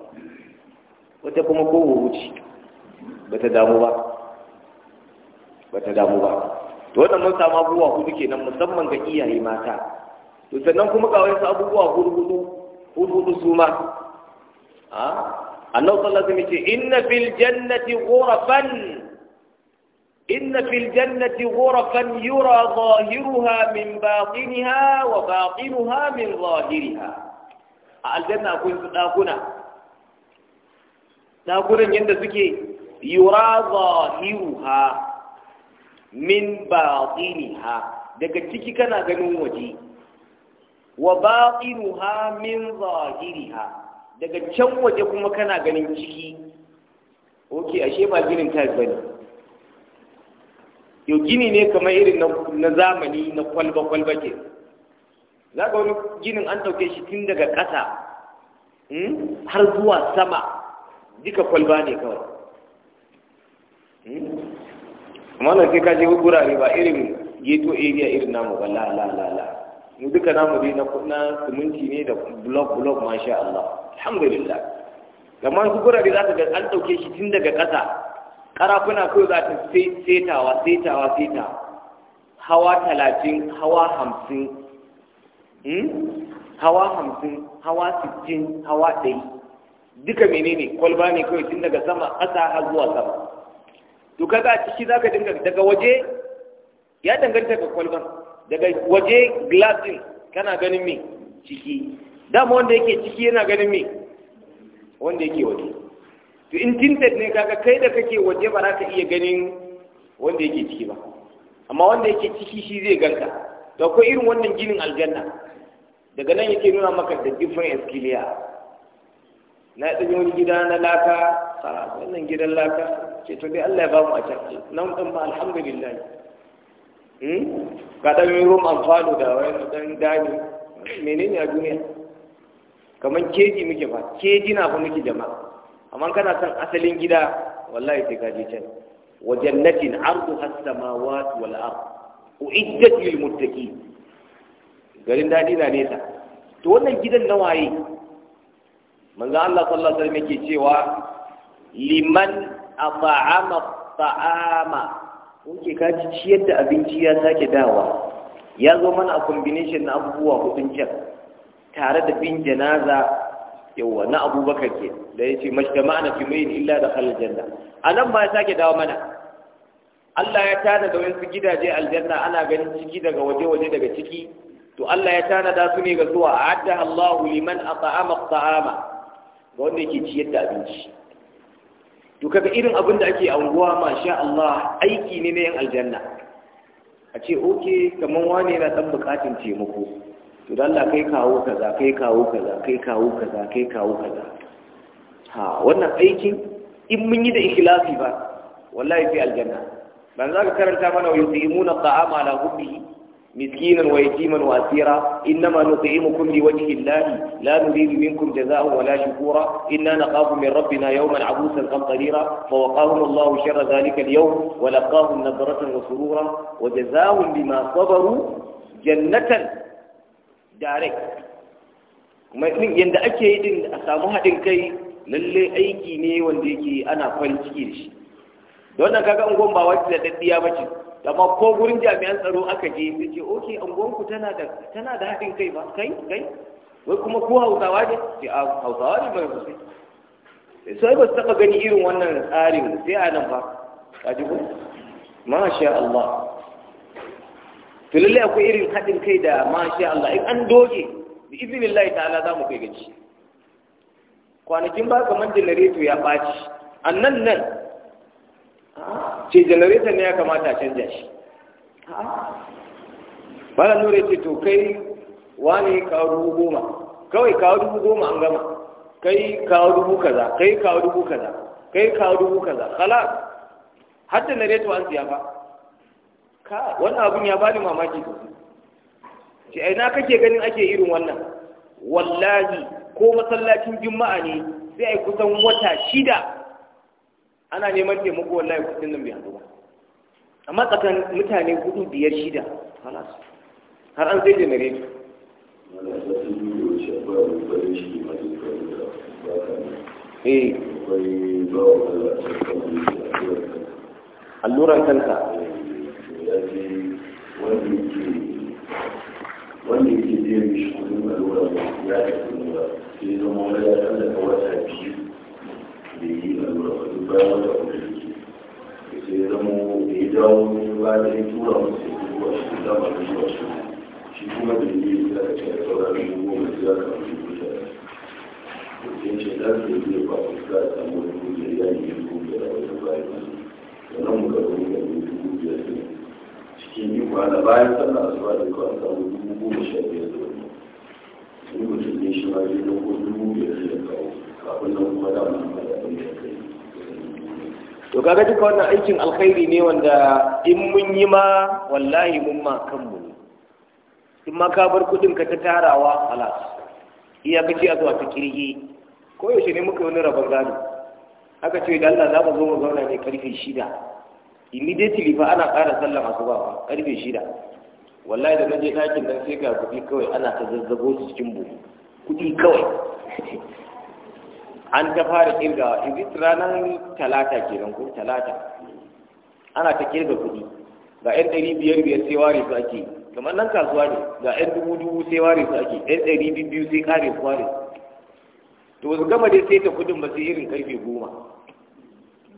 wata kuma kowa wuce ba ta damu ba ba ta damu ba to wannan mun samu abubuwa hudu kenan musamman ga iyaye mata to sannan kuma ga wasu abubuwa hudu hudu su ma a ah, annabi sallar zai mace ce inna fil jannati ghurafan إن في الجنة غرفا يرى ظاهرها من باطنها وباطنها من ظاهرها الجنة أكون ناقنا ناقنا جنة سكي يرى ظاهرها من باطنها daga ciki kana ganin waje wa baqinuha min zahiriha daga can waje kuma kana ganin ciki oke ashe ba ginin ta bane yau gini ne kamar irin na zamani na kwalba-kwalba ke za ka wani ginin an ɗauke shi tun daga ƙasa hmm, har zuwa sama duka kwalba ne kawai hmm. amma na sai ka je gurare ba irin geto area irin namu ba la la la la mu duka namu dai na na siminti ne da blog blog masha Allah alhamdulillah amma su gurare za ka ga an ɗauke shi tun daga ƙasa Ƙarafuna kawai za ta setawa setawa setawa hawa talatin hawa hamsin hmm? hawa hamsin hawa sittin hawa ɗai duka menene kwalba ne kawai tun daga sama ƙasa har zuwa sama to za a ciki ka dinga daga waje ya danganta ga kwalban daga waje glasin din kana ganin me ciki dama wanda yake ciki yana ganin me wanda yake waje to in tinted ne kaga kai da kake waje ba za ka iya ganin wanda yake ciki ba amma wanda yake ciki shi zai ganka to akwai irin wannan ginin aljanna daga nan yake nuna maka da different clear na ɗin wani gida na laka wannan gidan laka ce to dai Allah ya ba mu a can nan ɗan ba alhamdulillah hmm? ga ɗan yi rum amfano da wani ɗan dani menene a duniya kamar keji muke ba keji na fa muke jama'a amma kana son asalin gida wallahi sai ka can wa jannatin arduha as-samawati wal ard uiddat lil muttaqin garin dadi na nesa to wannan gidan na waye manzo Allah sallallahu alaihi wasallam yake cewa liman at'ama ta'ama kuke ji ciyar da abinci ya sake dawa ya zo mana a combination na abubuwa hudun can tare da bin janaza Yau, na abubakar ke da ya ce mashtama na fi mai illa da halar janna a nan ba ya sake dawo mana Allah ya tana da wasu gidaje aljanna ana ganin ciki daga waje-waje daga ciki to Allah ya tana da su ne ga zuwa a adda Allahu liman ta'ama ga wanda yake ciyar da abinci to kaga irin abin da ake anguwa masha Allah aiki ne na yin aljanna a ce oke kamar wane yana dan bukatun taimako to da Allah kai kawo kaza kai kawo kaza kai kawo kaza kai kawo kaza ha wannan aikin in mun yi da ikhlasi ba wallahi fi aljanna ban za ka karanta mana wa yutimuna ta'ama ala hubbihi miskinan wa yatiman wa asira innama nuti'imukum li wajhi Allah la nuridu minkum jazaa'an wa la shukura inna naqafu min rabbina yawman 'abusan qamtarira fa waqahum Allahu sharra dhalika al-yawm wa laqahum nadratan wa surura wa jazaa'un bima sabaru jannatan direct kuma yadda yanda ake yi din a samu haɗin kai lalle aiki ne wanda yake ana farin ciki da shi da wannan kaga ungon ba wacce da daddiya ba ce amma ko gurin jami'an tsaro aka je sai ce okay ungon ku tana da tana da haɗin kai ba kai kai wai kuma ko hausawa ne ce a hausawa ne ba su sai sai ba su taɓa gani irin wannan tsarin sai a nan ba kaji ko masha Allah to lallai akwai irin haɗin kai da masha Allah in an doge Allah ta ala za mu kai gaci kwanakin ba kamar janareto ya ɓaci a nan nan ce janareto ne ya kamata a canja shi ba da nura ce to kai wani kawo dubu goma kawai kawo dubu goma an gama kai kawo dubu kaza kai kawo dubu kaza kai kawo dubu kaza kala har nareto an siya ba ka wannan abun ya bani mamaki ce ai na kake ganin ake irin wannan wallahi ko masallacin juma'a ne sai ai kusan wata shida ana neman taimako wallahi kusan nan bai zuwa amma tsakan mutane hudu biyar shida halas har an zai jenare ne alluran kanka aje wanda yake wanda yake biya ya biyu da yi alura ba kuma ba da tura musu ya shi da dama shi ya ya ba ku sa ya wani shi ne kwana bayan sallah asuba da kawai samu dubu goma sha biyar da wani sun mutum ne shi ma shi da ko dubu biyar da kawo kafin nan kuma da mun da abin da kai to kaga duka wannan aikin alkhairi ne wanda in mun yi ma wallahi mun ma kanmu ne in ma ka bar kudin ka ta tarawa halas iya kace a zuwa ta kirgi ko yaushe ne muka wani rabon gado aka ce da Allah za mu zo mu zauna ne karfe shida immediately fa ana ƙara sallar asuba ba karfe shida wallahi da naje ɗakin dan sai ga kuɗi kawai ana ta zazzabo su cikin buhu kuɗi kawai an ta fara kirgawa ibit ranar talata kenan ko talata ana ta kirga kuɗi ga yan ɗari biyar biyar sai ware su ake kamar nan kasuwa ne ga yan dubu dubu sai ware su ake yan ɗari biyu biyu sai kare su ware to su gama dai sai ta kuɗin ba sai irin karfe goma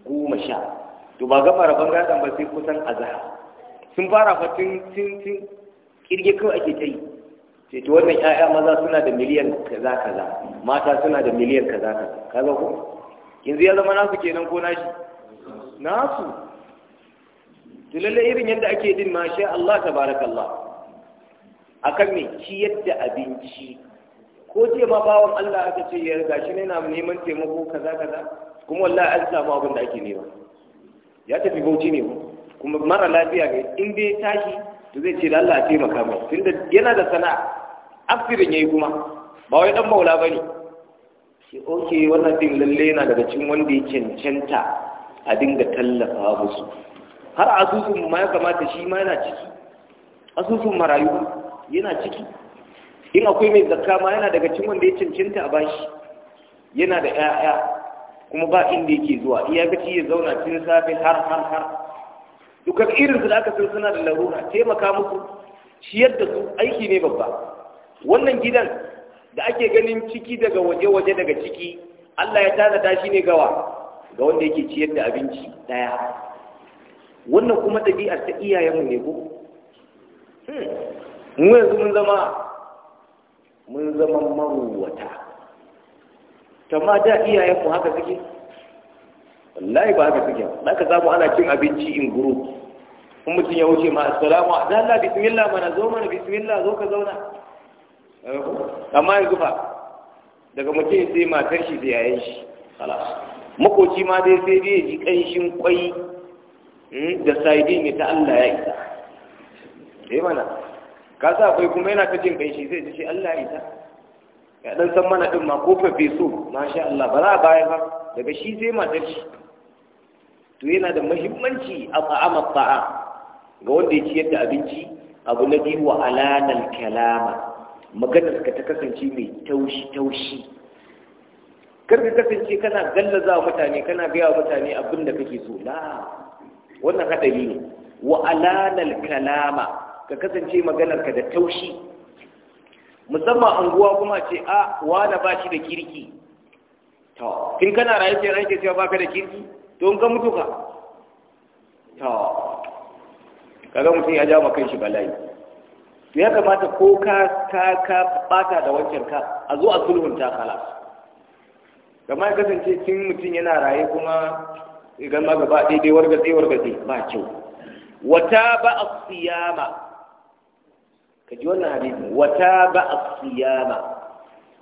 goma sha to ba gama rabon gadon ba sai kusan azhar sun fara fatin tun tun kirge kawai ake ta yi sai to wannan ƴaƴa maza suna da miliyan kaza kaza mata suna da miliyan kaza kaza Kaza ko yanzu ya zama nasu kenan ko nashi nasu to lalle irin yadda ake din ma sha Allah tabarakallah akan ne ki yadda abinci ko ce ma bawon Allah aka ce ya gashi ne na neman taimako kaza kaza kuma wallahi an samu abin da ake nema ya tafi bauchi ne kuma mara lafiya ga in dai tashi to zai ce da Allah ya taimaka mai tunda yana da sana'a asirin yayi kuma ba wai dan maula bane shi oke wannan din lalle yana daga cikin wanda ya cancanta a dinga tallafa musu har asusun ma ya kamata shi ma yana ciki asusun marayu yana ciki in akwai mai zakka ma yana daga cikin wanda ya cancanta a bashi yana da 'ya'ya kuma ba inda yake zuwa iyakaci ya zauna cikin safe har har har dukkan irin su da aka san suna da larura taimaka musu ciyar da su aiki ne babba wannan gidan da ake ganin ciki daga waje waje daga ciki Allah ya ta shi ne gawa ga wanda yake ciyar da abinci daya wannan kuma ɗabi'ar ta iyayenmu ne ko hmm. mu yanzu mun zama mun zama maruwata tamma da iyayen ku haka suke wallahi ba haka suke ba ka samu ana cin abinci in guru kuma mutum ya wuce ma assalamu a Allah bismillah mana zo mana bismillah zo ka zauna eh, amma yanzu ba daga mutum sai matar shi da yayan shi makoci ma dai sai dai ji kanshin kwai hmm, da saidi ne ta Allah ya isa sai eh mana ka sa akwai kuma yana ta jin kanshi zai ji shi Allah ya isa ya dan san mana din ma ko so. masha Allah ba za a baya ba daga shi sai ma dace to yana da muhimmanci a ta'ama ta'a ga wanda ya ciyar da abinci abu na biyu wa alanal kalama magana ka ta kasance mai taushi taushi kar ka kasance kana gallaza mutane kana biya mutane abin da kake so la wannan hadari ne wa alanal kalama ka kasance maganarka da taushi musamman anguwa kuma ce a wane ba shi da kirki to kin kana rayu rayu ranke cewa baka da kirki to in ka mutu ka to kaga mutum ya ma kan shi bala'i to ya kamata ko ka ka ka bata da wancan ka a zo a sulhunta kala kamar ya kasance kin mutum yana raye kuma idan ma gaba daidai wargatse wargatse ba kyau wata ba a siyama ka ji wannan hadisi wata ba a siyama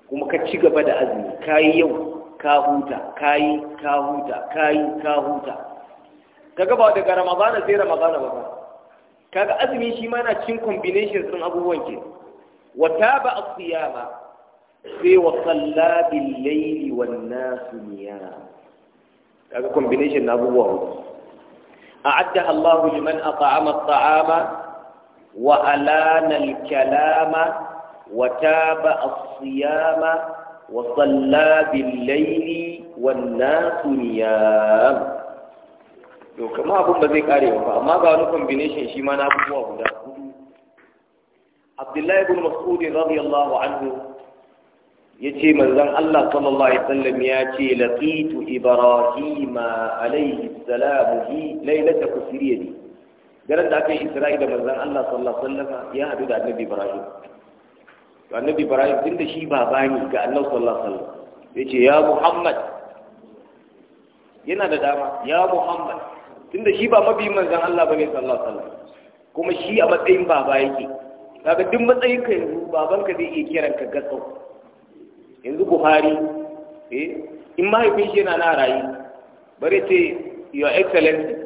kuma ka ci gaba da azumi Ka yi yau ka huta ka yi ka huta ka yi ka huta Ka ba daga ramadana sai ramadana ba ba kaga azumi shi ma yana cin combination sun abubuwan ke wata ba a siyama sai wa salla bil layli wan nasu niyam kaga combination na abubuwa أعدها الله لمن أطعم الطعام وألان الكلام وتابع الصيام وصلى بالليل والناس نيام to kuma abin ba zai kare ba amma ga wani combination shi ma na abubuwa guda hudu Abdullahi ibn Mas'ud radiyallahu anhu yace manzon Allah sallallahu alaihi wasallam ya ce laqitu Ibrahim alaihi salam hi lailata kusriyati daren da aka yi isra'i da manzan Allah sallallahu alaihi wasallam ya haɗu da annabi Ibrahim to annabi Ibrahim tun da shi baba ne ga Allah sallallahu alaihi wasallam yace ya Muhammad yana da dama ya Muhammad tun da shi ba mabi manzan Allah bane sallallahu alaihi wasallam kuma shi a matsayin baba yake kaga duk matsayin ka yanzu babanka zai iya kiran ka gatsa yanzu Buhari eh in mahaifin shi yana na rayu bare ce your excellency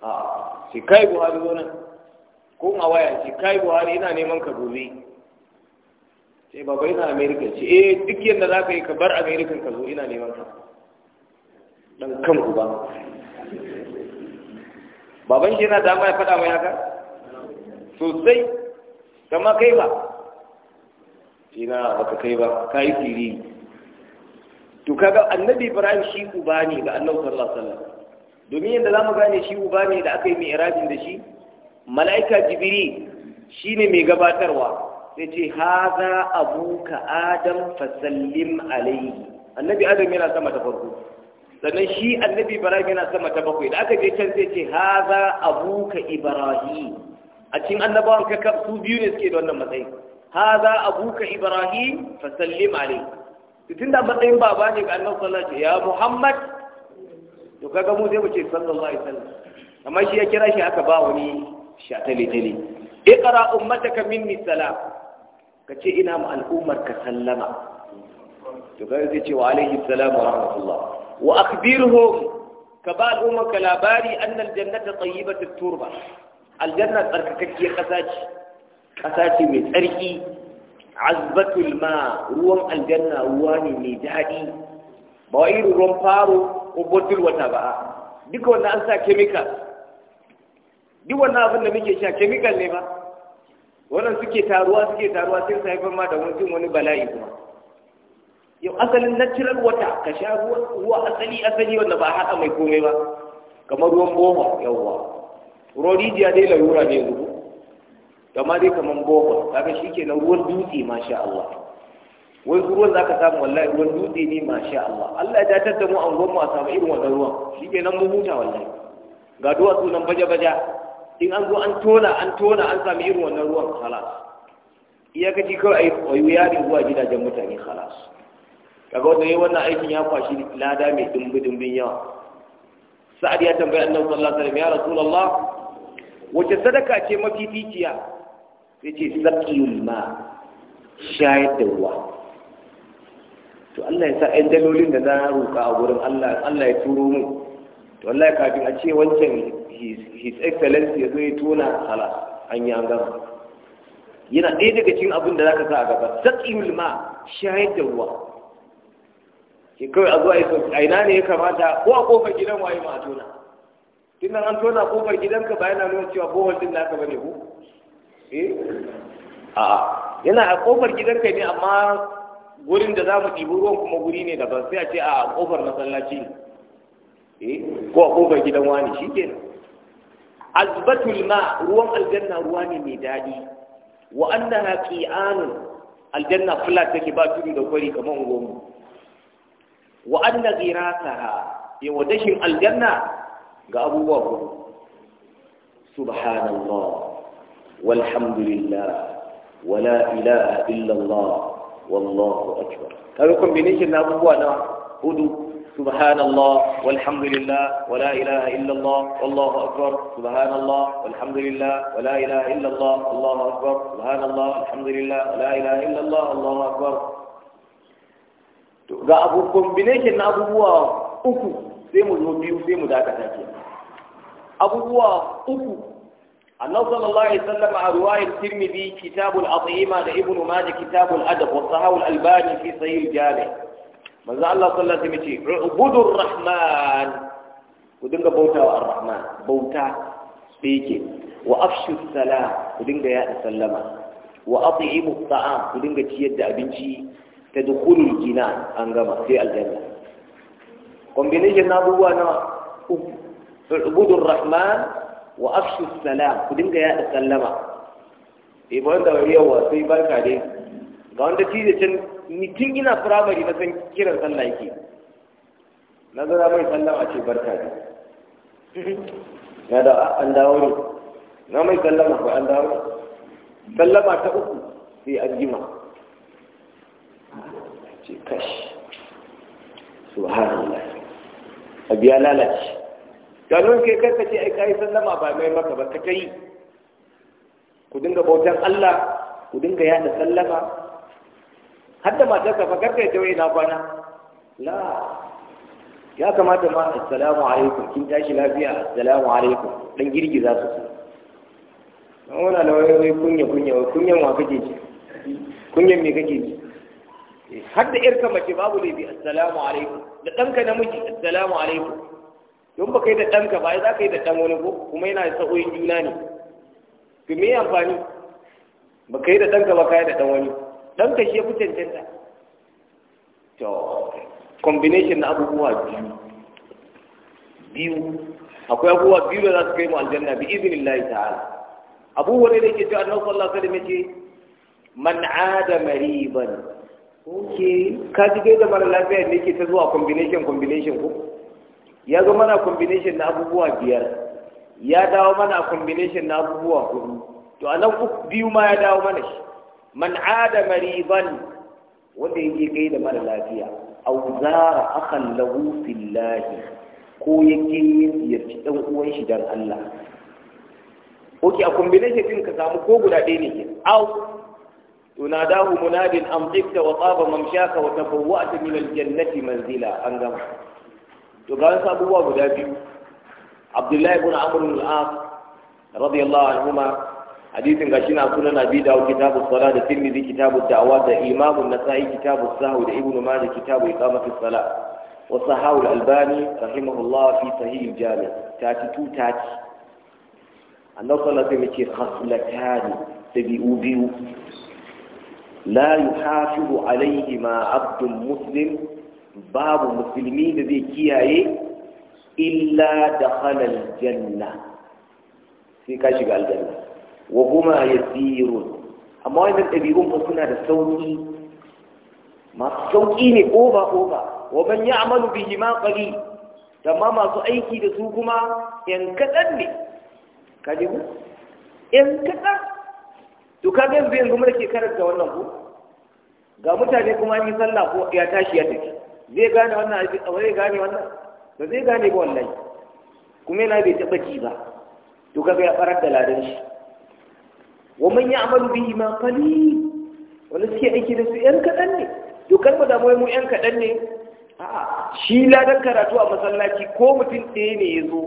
a ce kai buhari zo nan ko a waya ce kai buhari ina neman ka gobe ce baba ina america ce eh duk yadda za ka yi ka bar america ka zo ina neman ka dan kan uba baban shi yana dama ya faɗa mai haka sosai kama kai ba shi na baka kai ba ka yi siri to kaga annabi ibrahim shi uba ne ga annabi sallallahu alaihi wasallam domin yadda za mu gane shi uba ne da aka yi mai irabin da shi mala'ika jibiri shi ne mai gabatarwa sai ce haza abuka adam fasallim alaihi annabi adam yana sama ta farko sannan shi annabi ibrahim yana sama ta bakwai da aka je can sai ce haza abuka ibrahim a cikin annabawan ka su biyu ne suke da wannan matsayi haza abuka ibrahim fasallim alaihi da matsayin baba ne ga annabi sallallahu alaihi ya muhammad to kaga mu sai mu ce sallallahu alaihi wasallam amma shi ya kira shi aka ba wani shatale tale iqra ummataka minni salam kace ina mu al'ummar ka sallama to kaga sai ce wa alaihi salam wa rahmatullah wa akhbirhum ka ba al'ummar ka labari annal jannata tayyibatu turba aljanna tsarkakakkiyar kasa ce kasa ce mai tsarki azbatul ma ruwan aljanna ruwa ne mai daɗi ba wa irin ruwan faro ko bottle wata ba duka wannan an sa chemical duk wannan abin da muke sha chemical ne ba wannan suke taruwa suke taruwa sai sai haifar ma da wani wani bala'i kuma yau asalin natural water ka sha ruwa asali asali wanda ba haɗa mai komai ba kamar ruwan bohol yawwa ruwan rijiya dai larura ne yanzu kama dai kamar bohol kaga shi ke na ruwan dutse masha Allah wai ruwan za ka samu wallahi ruwan dutse ne masha Allah Allah ya datar da mu a ruwan mu a samu irin wannan ruwan shi ke nan mu huta wallahi ga duwatsu nan baja-baja in an zo an tona an tona an sami irin wannan ruwan halas iyakaci kawai a yi yarin zuwa gidajen mutane halas kaga wanda yayi wannan aikin ya kwashi lada mai dumbi dumbin yawa sa'ad ya tambayi annabi sallallahu alaihi wasallam ya rasulullah wace sadaka ce mafi mafificiya yace saqiyul ma shayar da ruwa to Allah ya sa ɗan dalolin da za a roƙa a wurin, Allah Allah ya turo mu to Allah ya kafin a ce wancan his excellency ya zo ya tona sala an yi an gama yana ɗaya daga cikin abin da za ka sa a gaba saqimul ma shayar da ruwa ke kawai a zuwa a ina ne ya kamata ko a kofar gidan waye ma a tona tun an tona kofar gidanka ba yana nuna cewa bohol din naka ne ko eh a'a yana a kofar gidanka ne amma gurin da za mu ɗibi ruwan kuma guri ne da sai a ce a ƙofar masallaci ne. Eh, ko a ƙofar gidan wani shi ke azbatul ma ruwan aljanna ruwa ne mai daɗi wa annaha qi'anun aljanna flat take ba tudu da kwari kamar goma. wa anna ghirataha ya wadashin aljanna ga abubuwa gudu subhanallah walhamdulillah wala ilaha illallah والله أكبر هذا كومبينيشن نابوه أنا هدو سبحان الله والحمد لله ولا إله إلا الله والله أكبر سبحان الله والحمد لله ولا إله إلا الله الله أكبر سبحان الله الحمد لله ولا إله إلا الله الله أكبر ga abu combination na abubuwa uku sai mu zo biyu sai mu dakata ke abubuwa uku النبي صلى الله عليه وسلم على رواية الترمذي كتاب الأطعمة لابن ماجه كتاب الأدب والصحاح الألباني في صحيح الجامع ماذا الله صلى الله عليه وسلم اعبدوا الرحمن ودنك بوتا الرحمن بوتا بيجي وأفشوا السلام ودنك يا سلمة وأطعموا الطعام ودنك تيد أبنجي تدخل الجنان أنجما في الجنة كومبينيشن na أنا na ubudur الرحمن wa afshu salam ku dinga yaɗa sallama eh ba wanda wani yawa sai barka dai ga wanda tije can ni tun ina firamare na san kiran sallah yake na zara mai sallama ce barka dai na da ah, an dawo ne na mai sallama ba an dawo sallama ta uku sai an jima ce kashi subhanallah abiya lalace da ke kai karka ce ai yi sallama ba mai maka ba ka ta yi ku dinga bautan Allah ku dinga yada sallama har da matarsa fa ka ta wai na kwana la ya kamata ma assalamu alaikum kin tashi lafiya assalamu alaikum dan za su an wani alawai wai kunya kunya wai kunyan wa kake ji kunyan me kake ji eh, har da irka mace babu laifi assalamu alaikum da ɗanka namiji assalamu alaikum don baka yi da ɗanka ba za ka yi da ɗan wani ko kuma yana da sa'o'in juna ne to me amfani ba yi da ɗanka ba ka yi da ɗan wani ɗanka shi ya fi cancanta to combination na abubuwa biyu biyu akwai abubuwa biyu da za su kai mu aljanna bi iznillahi ta'ala abubuwa ne da ke ce annabi sallallahu alaihi wasallam yace man ada mariban ke ka ji da mara lafiya ne ke ta zuwa combination combination ko ya zo mana combination na abubuwa biyar ya dawo mana combination na abubuwa hudu to a nan biyu ma ya dawo mana shi man ada mariban wanda yake kai da mara lafiya aw zara akhan lahu fillahi ko yake ziyarci dan uwan shi dan Allah oke a combination din ka samu ko guda ɗaya ne ke aw tunadahu munadin am wa taba mamshaka wa tabawwa'ta min aljannati manzila an gama to ga wasu abubuwa guda biyu abdullahi ibn amr al-as radiyallahu Hadithin ga shi na sunan abi dawud kitabu sala da tirmidhi kitabu da'wa da imam an-nasa'i kitabu sahw da ibnu majah kitabu iqamati salat wa sahahu al-albani rahimahullah fi sahih al-jami 32 tati annabi sallallahu alaihi wasallam ce khaslatan dabi'u biyu la yuhafizu alaihima abdul muslim babu musulmi da zai kiyaye illa da halal janna sai ka shiga aljanna wa kuma yasirun amma wannan ɗabi'un ba suna da sauƙi masu sauƙi ne oba oba wa man ya'malu bi ma qali amma masu aiki da su kuma yan kaɗan ne ka ji ku? yan kaɗan to ka ga yanzu yanzu ke karanta wannan ku? ga mutane kuma an yi sallah ko ya tashi ya tafi zai gane wannan aiki a cikin zai gane wannan ba zai gane ba wallahi kuma yana bai taɓa ji ba to kaga ya farar da ladan shi wa man ya'malu bihi ma qalil wanda suke aiki da su yan kaɗan ne to kar mu damu mu yan kaɗan ne a'a shi ladan karatu a masallaci ko mutum ɗaya ne ya zo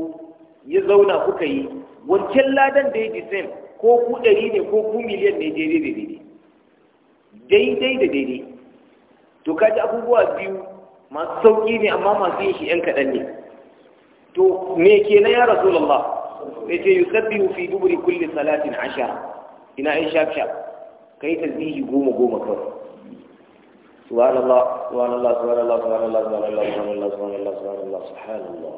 ya zauna kuka yi wancan ladan da ya disin ko ku ɗari ne ko ku miliyan ne daidai da daidai daidai da daidai to kaji abubuwa biyu masu sauƙi ne amma masu yin shi ‘yan kaɗan ne to me ke na ya rasulallah ya ce sabbi fi duburi kulli salatin ashara ina yin shaf ka yi tasbihi goma goma kawai subhanallah subhanallah subhanallah subhanallah subhanallah subhanallah subhanallah subhanallah subhanallah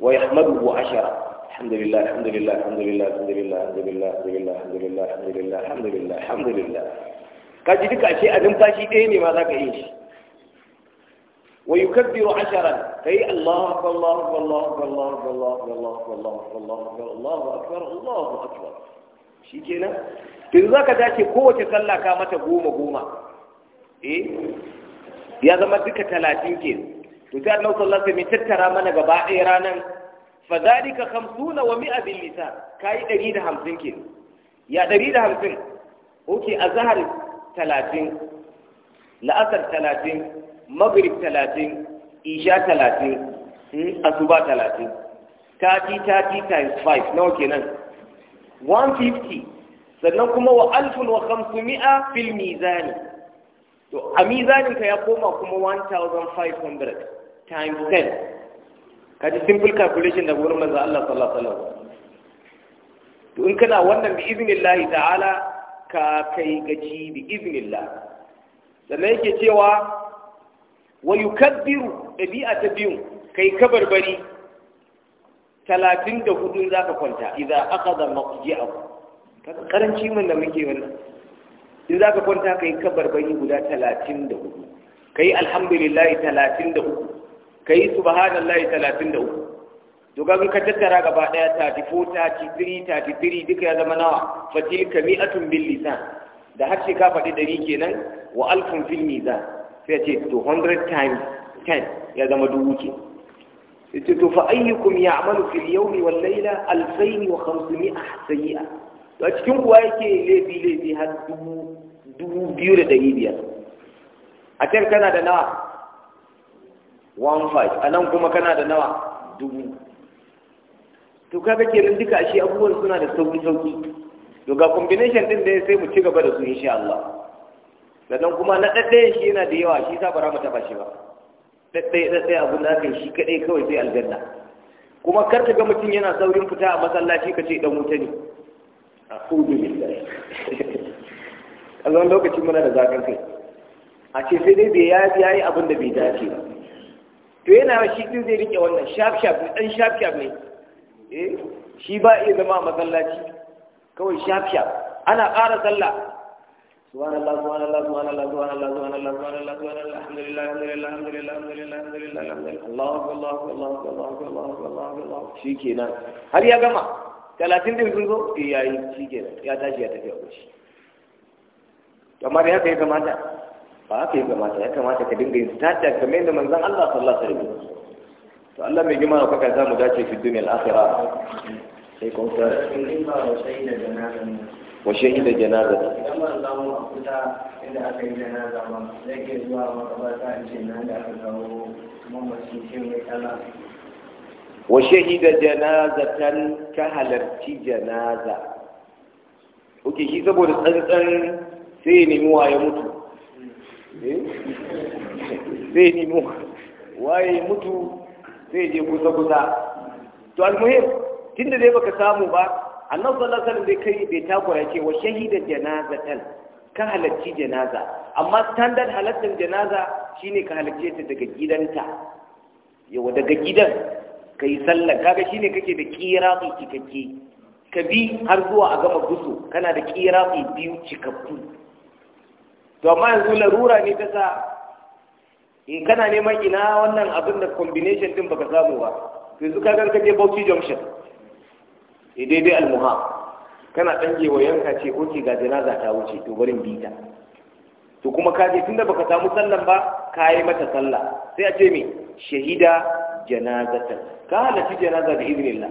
wa yahmaduhu ashara الحمد لله الحمد لله الحمد لله الحمد لله الحمد لله الحمد لله الحمد لله الحمد لله الحمد لله الحمد لله kaji duka ce a numfashi ɗaya ne ma za ka yi shi ويكبر عشرا فهي الله أكبر الله أكبر الله أكبر الله أكبر الله أكبر الله أكبر الله أكبر الله أكبر الله أكبر الله أكبر dace kowace sallah ka mata goma goma eh ya zama duka talatin ke to sai Allah sallallahu alaihi wasallam tattara mana gaba ɗaya ranan fa zalika khamsuna wa mi'a Kayi lisan kai 150 ke ya la'asar talatin. maghrib talatin isha talatin hmm, asuba talatin thirty thirty times five nawa kenan one fifty sannan kuma wa alfun wa khamsumi'a fil mizani to a ya koma kuma one thousand five hundred times ten kaji simple calculation da wurin manzo Allah sallallahu alaihi wasallam to in kana wannan bi iznillahi ta'ala ka kai gaci bi iznillah sannan yake cewa wa yukaddiru ɗabi'a ta biyu kai kabarbari talatin da hudun za ka kwanta idan aka zama da maƙuji'ahu ƙaranci min da muke wannan in za ka kwanta ka kai kabarbari guda talatin da hudu Ka yi alhamdulillahi talatin da hudu. uku kai subhanallahi talatin da hudu. to ga ka tattara gaba daya 34 33 33 duka ya zama nawa fatilka mi'atun bin lisan da har ka faɗi ɗari kenan wa alfun fil mizan sai ce to 100 times 10 ya zama dubu ke yace to fa ayyukum ya'malu fil yawmi wal layla 2500 sayyi'a to a cikin kuwa yake laifi laifi har dubu dubu biyu da dari biyar a can kana da nawa 15 a nan kuma kana da nawa dubu to kaga kenan duka ashe abubuwan suna da sauki sauki to ga combination din da sai mu ci gaba da su insha Allah sannan kuma na ɗaɗɗe shi yana da yawa shi mata ba shi ba ɗaɗɗe ɗaɗɗe abin da aka yi shi kaɗai kawai sai aljanna kuma kar ka ga mutum yana saurin fita a masallaci ka ce ɗan wuta ne a kudu ne a zaman lokacin muna da zaƙar kai a ce sai dai bai ya yi abin da bai dace ba to yana shi ɗin zai riƙe wannan shaf shaf ɗan shaf shaf ne eh shi ba iya zama a masallaci kawai shaf shaf ana ƙara sallah subhanallah subhanallah subhanallah subhanallah subhanallah subhanallah subhanallah alhamdulillah alhamdulillah alhamdulillah alhamdulillah alhamdulillah alhamdulillah Allahu Allahu Allahu Allahu Allahu Allahu Allahu shikenan har ya gama talatin din sun zo eh yayi shikenan ya tashi ya tafi a goshi kamar ya kai kamata ba haka ya kamata ya kamata ka dinga yin tata kamar yadda manzon Allah sallallahu alaihi wasallam to Allah mai dace fi akhirah sai kun wa a inda yi janaza zai ke da aka kawo ka halarci janaza Ok, shi saboda tsantsan sai ya nemi waye mutu eh? sai ya nemi waye mutu sai je kusa kusa to almuhim tunda dai baka samu ba annabi sallallahu alaihi wasallam bai kai bai takura ce wa shahida janazatan ka halarci janaza amma standard halartar janaza shine ka halarce ta daga gidanta yawa daga gidan ka yi sallar kaga shine kake da kirafi cikakke ka bi har zuwa a gama gusu kana da kirafi biyu cikakku to amma yanzu larura ne ta sa in eh, kana neman ina wannan abin da combination din baka samu ba yanzu kaga kake Bauchi junction sai eh, daidai almuha kana ɗan wa yanka ce ko ke ga janaza ta wuce to barin bita to kuma ka je tunda baka samu sallan ba ka yi mata sallah sai a ce me shahida janazatan ka halarci janaza da izinin la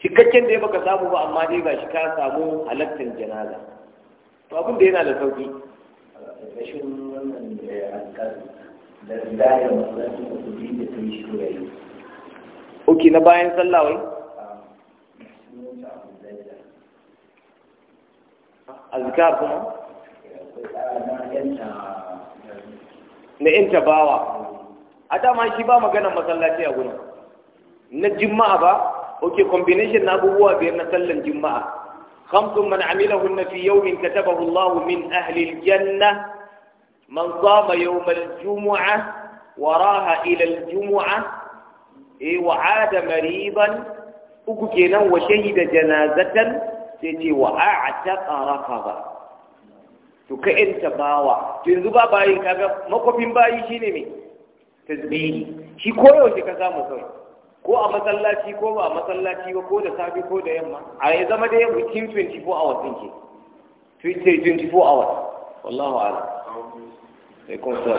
cikakken da ya baka samu ba amma dai gashi ka samu halartar janaza to abin da yana da sauki rashin wannan da ya da da ya masu da su yi da su yi shi ok na bayan sallah wai azikar na yanta bawa a dama shi ba maganan masallaci a wuri na jima'a ba ok combination na abubuwa biyar na sallar juma'a. khamsun man amilahu na fi yawmin katabahu Allah min ahli aljanna man qama yawm aljumu'a wa raha ila aljumu'a eh, wa 'ada mariban uku kenan wa shahida janazatan sai ce wa a'taqa ba to ka yanta bawa to yanzu ba bayi kaga makofin bayi shine me tasbihi shi koyaushe ka samu sauri. ko a masallaci ko ba a masallaci ba ko da safe ko da yamma a ya zama da yamma kin 24 hours din ke 24 hours wallahu ala sai kun sa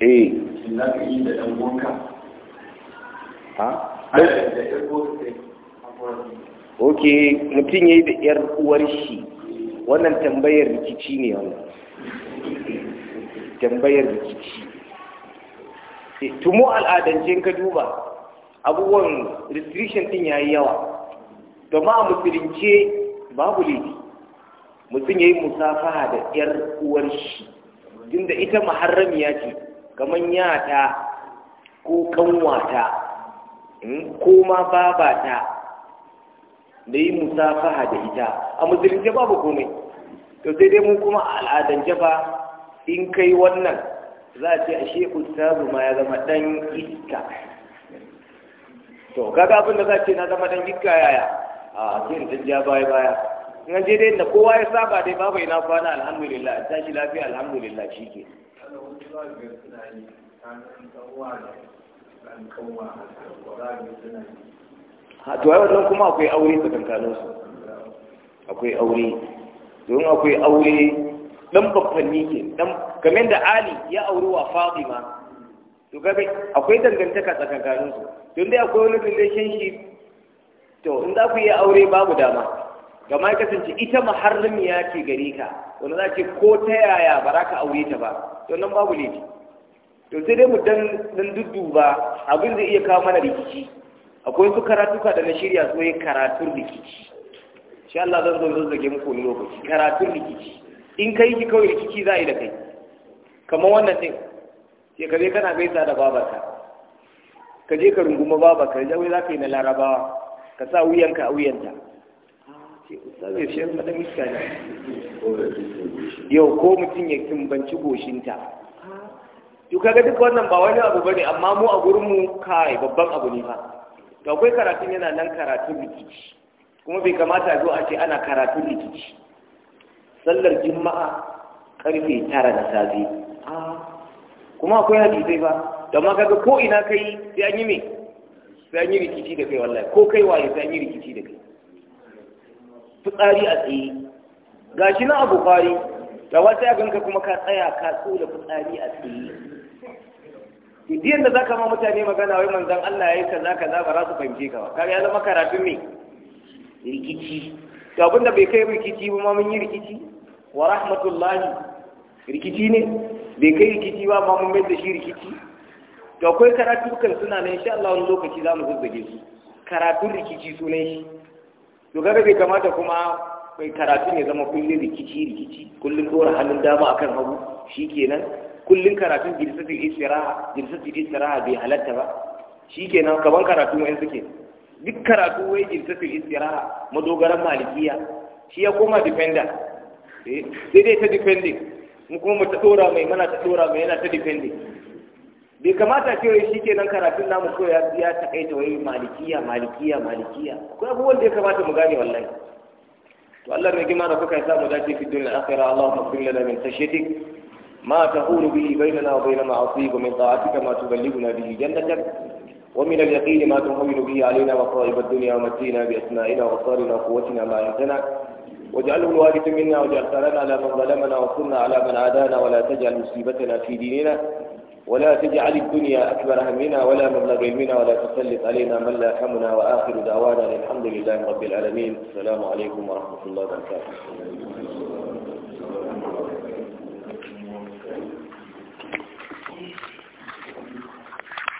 eh da ɗan wanka ha? da ok mutum ya yi da ‘yar uwar shi wannan tambayar rikici ne wannan tambayar rikici eh, tumo al'adance ka duba abubuwan restriction din ya yi yawa Gama a musulunce babu laifi mutum ya yi musafaha da ‘yar uwar shi tunda ita maharamiya ce kamar yata ko kanwata hmm, ko ma babata da yi musafaha da ita a musulunce babu komai to sai dai mu kuma a al'adance in kai wannan za a ce a shehu sabu ma ya zama dan iska to gaga abinda da za a ce na zama dan iska yaya a sai da baya baya in je dai da kowa ya saba dai babu na kwana alhamdulillah tashi lafiya alhamdulillah shike za ga suna yi tsakanin da ba suna yi to kuma akwai aure tsakankanin su akwai aure don akwai aure dan babbanni ke dan kamar da Ali ya auri wa Fatima to gabe akwai dangantaka tsakanin su don dai akwai wani relationship to in za ku yi aure babu dama gama ya kasance ita maharramiya ce gare ka wanda za ce ko ta yaya ba za ka aure ta ba to nan babu ne to sai dai mu dan dan dudduba abin zai iya kawo mana rikici akwai su karatuka da na shirya su yi karatun rikici shi Allah zan zo zage muku lokaci karatun rikici in kai ki kawai rikici za a yi da kai kamar wannan din sai kaje kana gaisa da babarka ka je ka runguma babarka ka wai za ka yi na larabawa ka sa wuyanka a wuyanta yau ko mutum ya kimbanci goshinta to kaga duk wannan ba wani abu bane amma mu a gurin mu kai babban abu ne fa to akwai karatun yana nan karatun rikici kuma bai kamata a zo a ce ana karatun rikici sallar juma'a karfe tara na safe kuma akwai hadisai ba da ma kaga ko ina kai sai an yi me sai an yi rikici da kai wallahi ko kai waye sai an yi rikici da kai fitsari a tsaye ga shi na abu kwari da wata ya ganka kuma ka tsaya ka da fitsari a tsaye idan da zaka ma mutane magana wai manzan Allah yayi kaza kaza ba za su fahimce ka ba kar ya zama karatun me rikici to abinda bai kai rikici ba ma mun yi rikici wa rahmatullahi rikici ne bai kai rikici ba ma mun mai da shi rikici to akwai karatu kan suna ne insha Allah wani lokaci za mu zuzzage su karatun rikici sunan shi to kaga bai kamata kuma mai karatu ne zama kullum rikici rikici kullum dora hannun dama akan hagu shikenan kullum karatun jilsatul istiraha jilsatul istiraha bai halatta ba shikenan kaban karatu mai suke duk karatu wai jilsatul istiraha madogaran malikiya shi ya koma defender eh, sai dai ta defending mu kuma mu ta dora mai mana ta tsora mai yana ta defending bai kamata ce cewa shi ke nan karatun namu ko ya ya takaita wai malikiya malikiya malikiya akwai abubuwan da ya kamata mu gane wallahi to Allah ne gima da kuka yasa mu dace fi dunya akhira Allah Allahumma kullu lana min tashhidik ma tahulu bihi bainana wa bain ma'asik wa min ta'atika ma tuballighuna bihi jannatak ومن wa ما تهون به wa مصائب الدنيا ومتينا بأسمائنا وأبصارنا وقوتنا ما أنتنا واجعله الوارث منا واجعل ثارنا على من ظلمنا وانصرنا على من عادانا ولا تجعل مصيبتنا في ديننا ولا تجعل الدنيا أكبر همنا ولا مبلغ علمنا ولا تسلط علينا من لا يرحمنا وآخر دعوانا الحمد لله رب العالمين السلام عليكم ورحمة الله وبركاته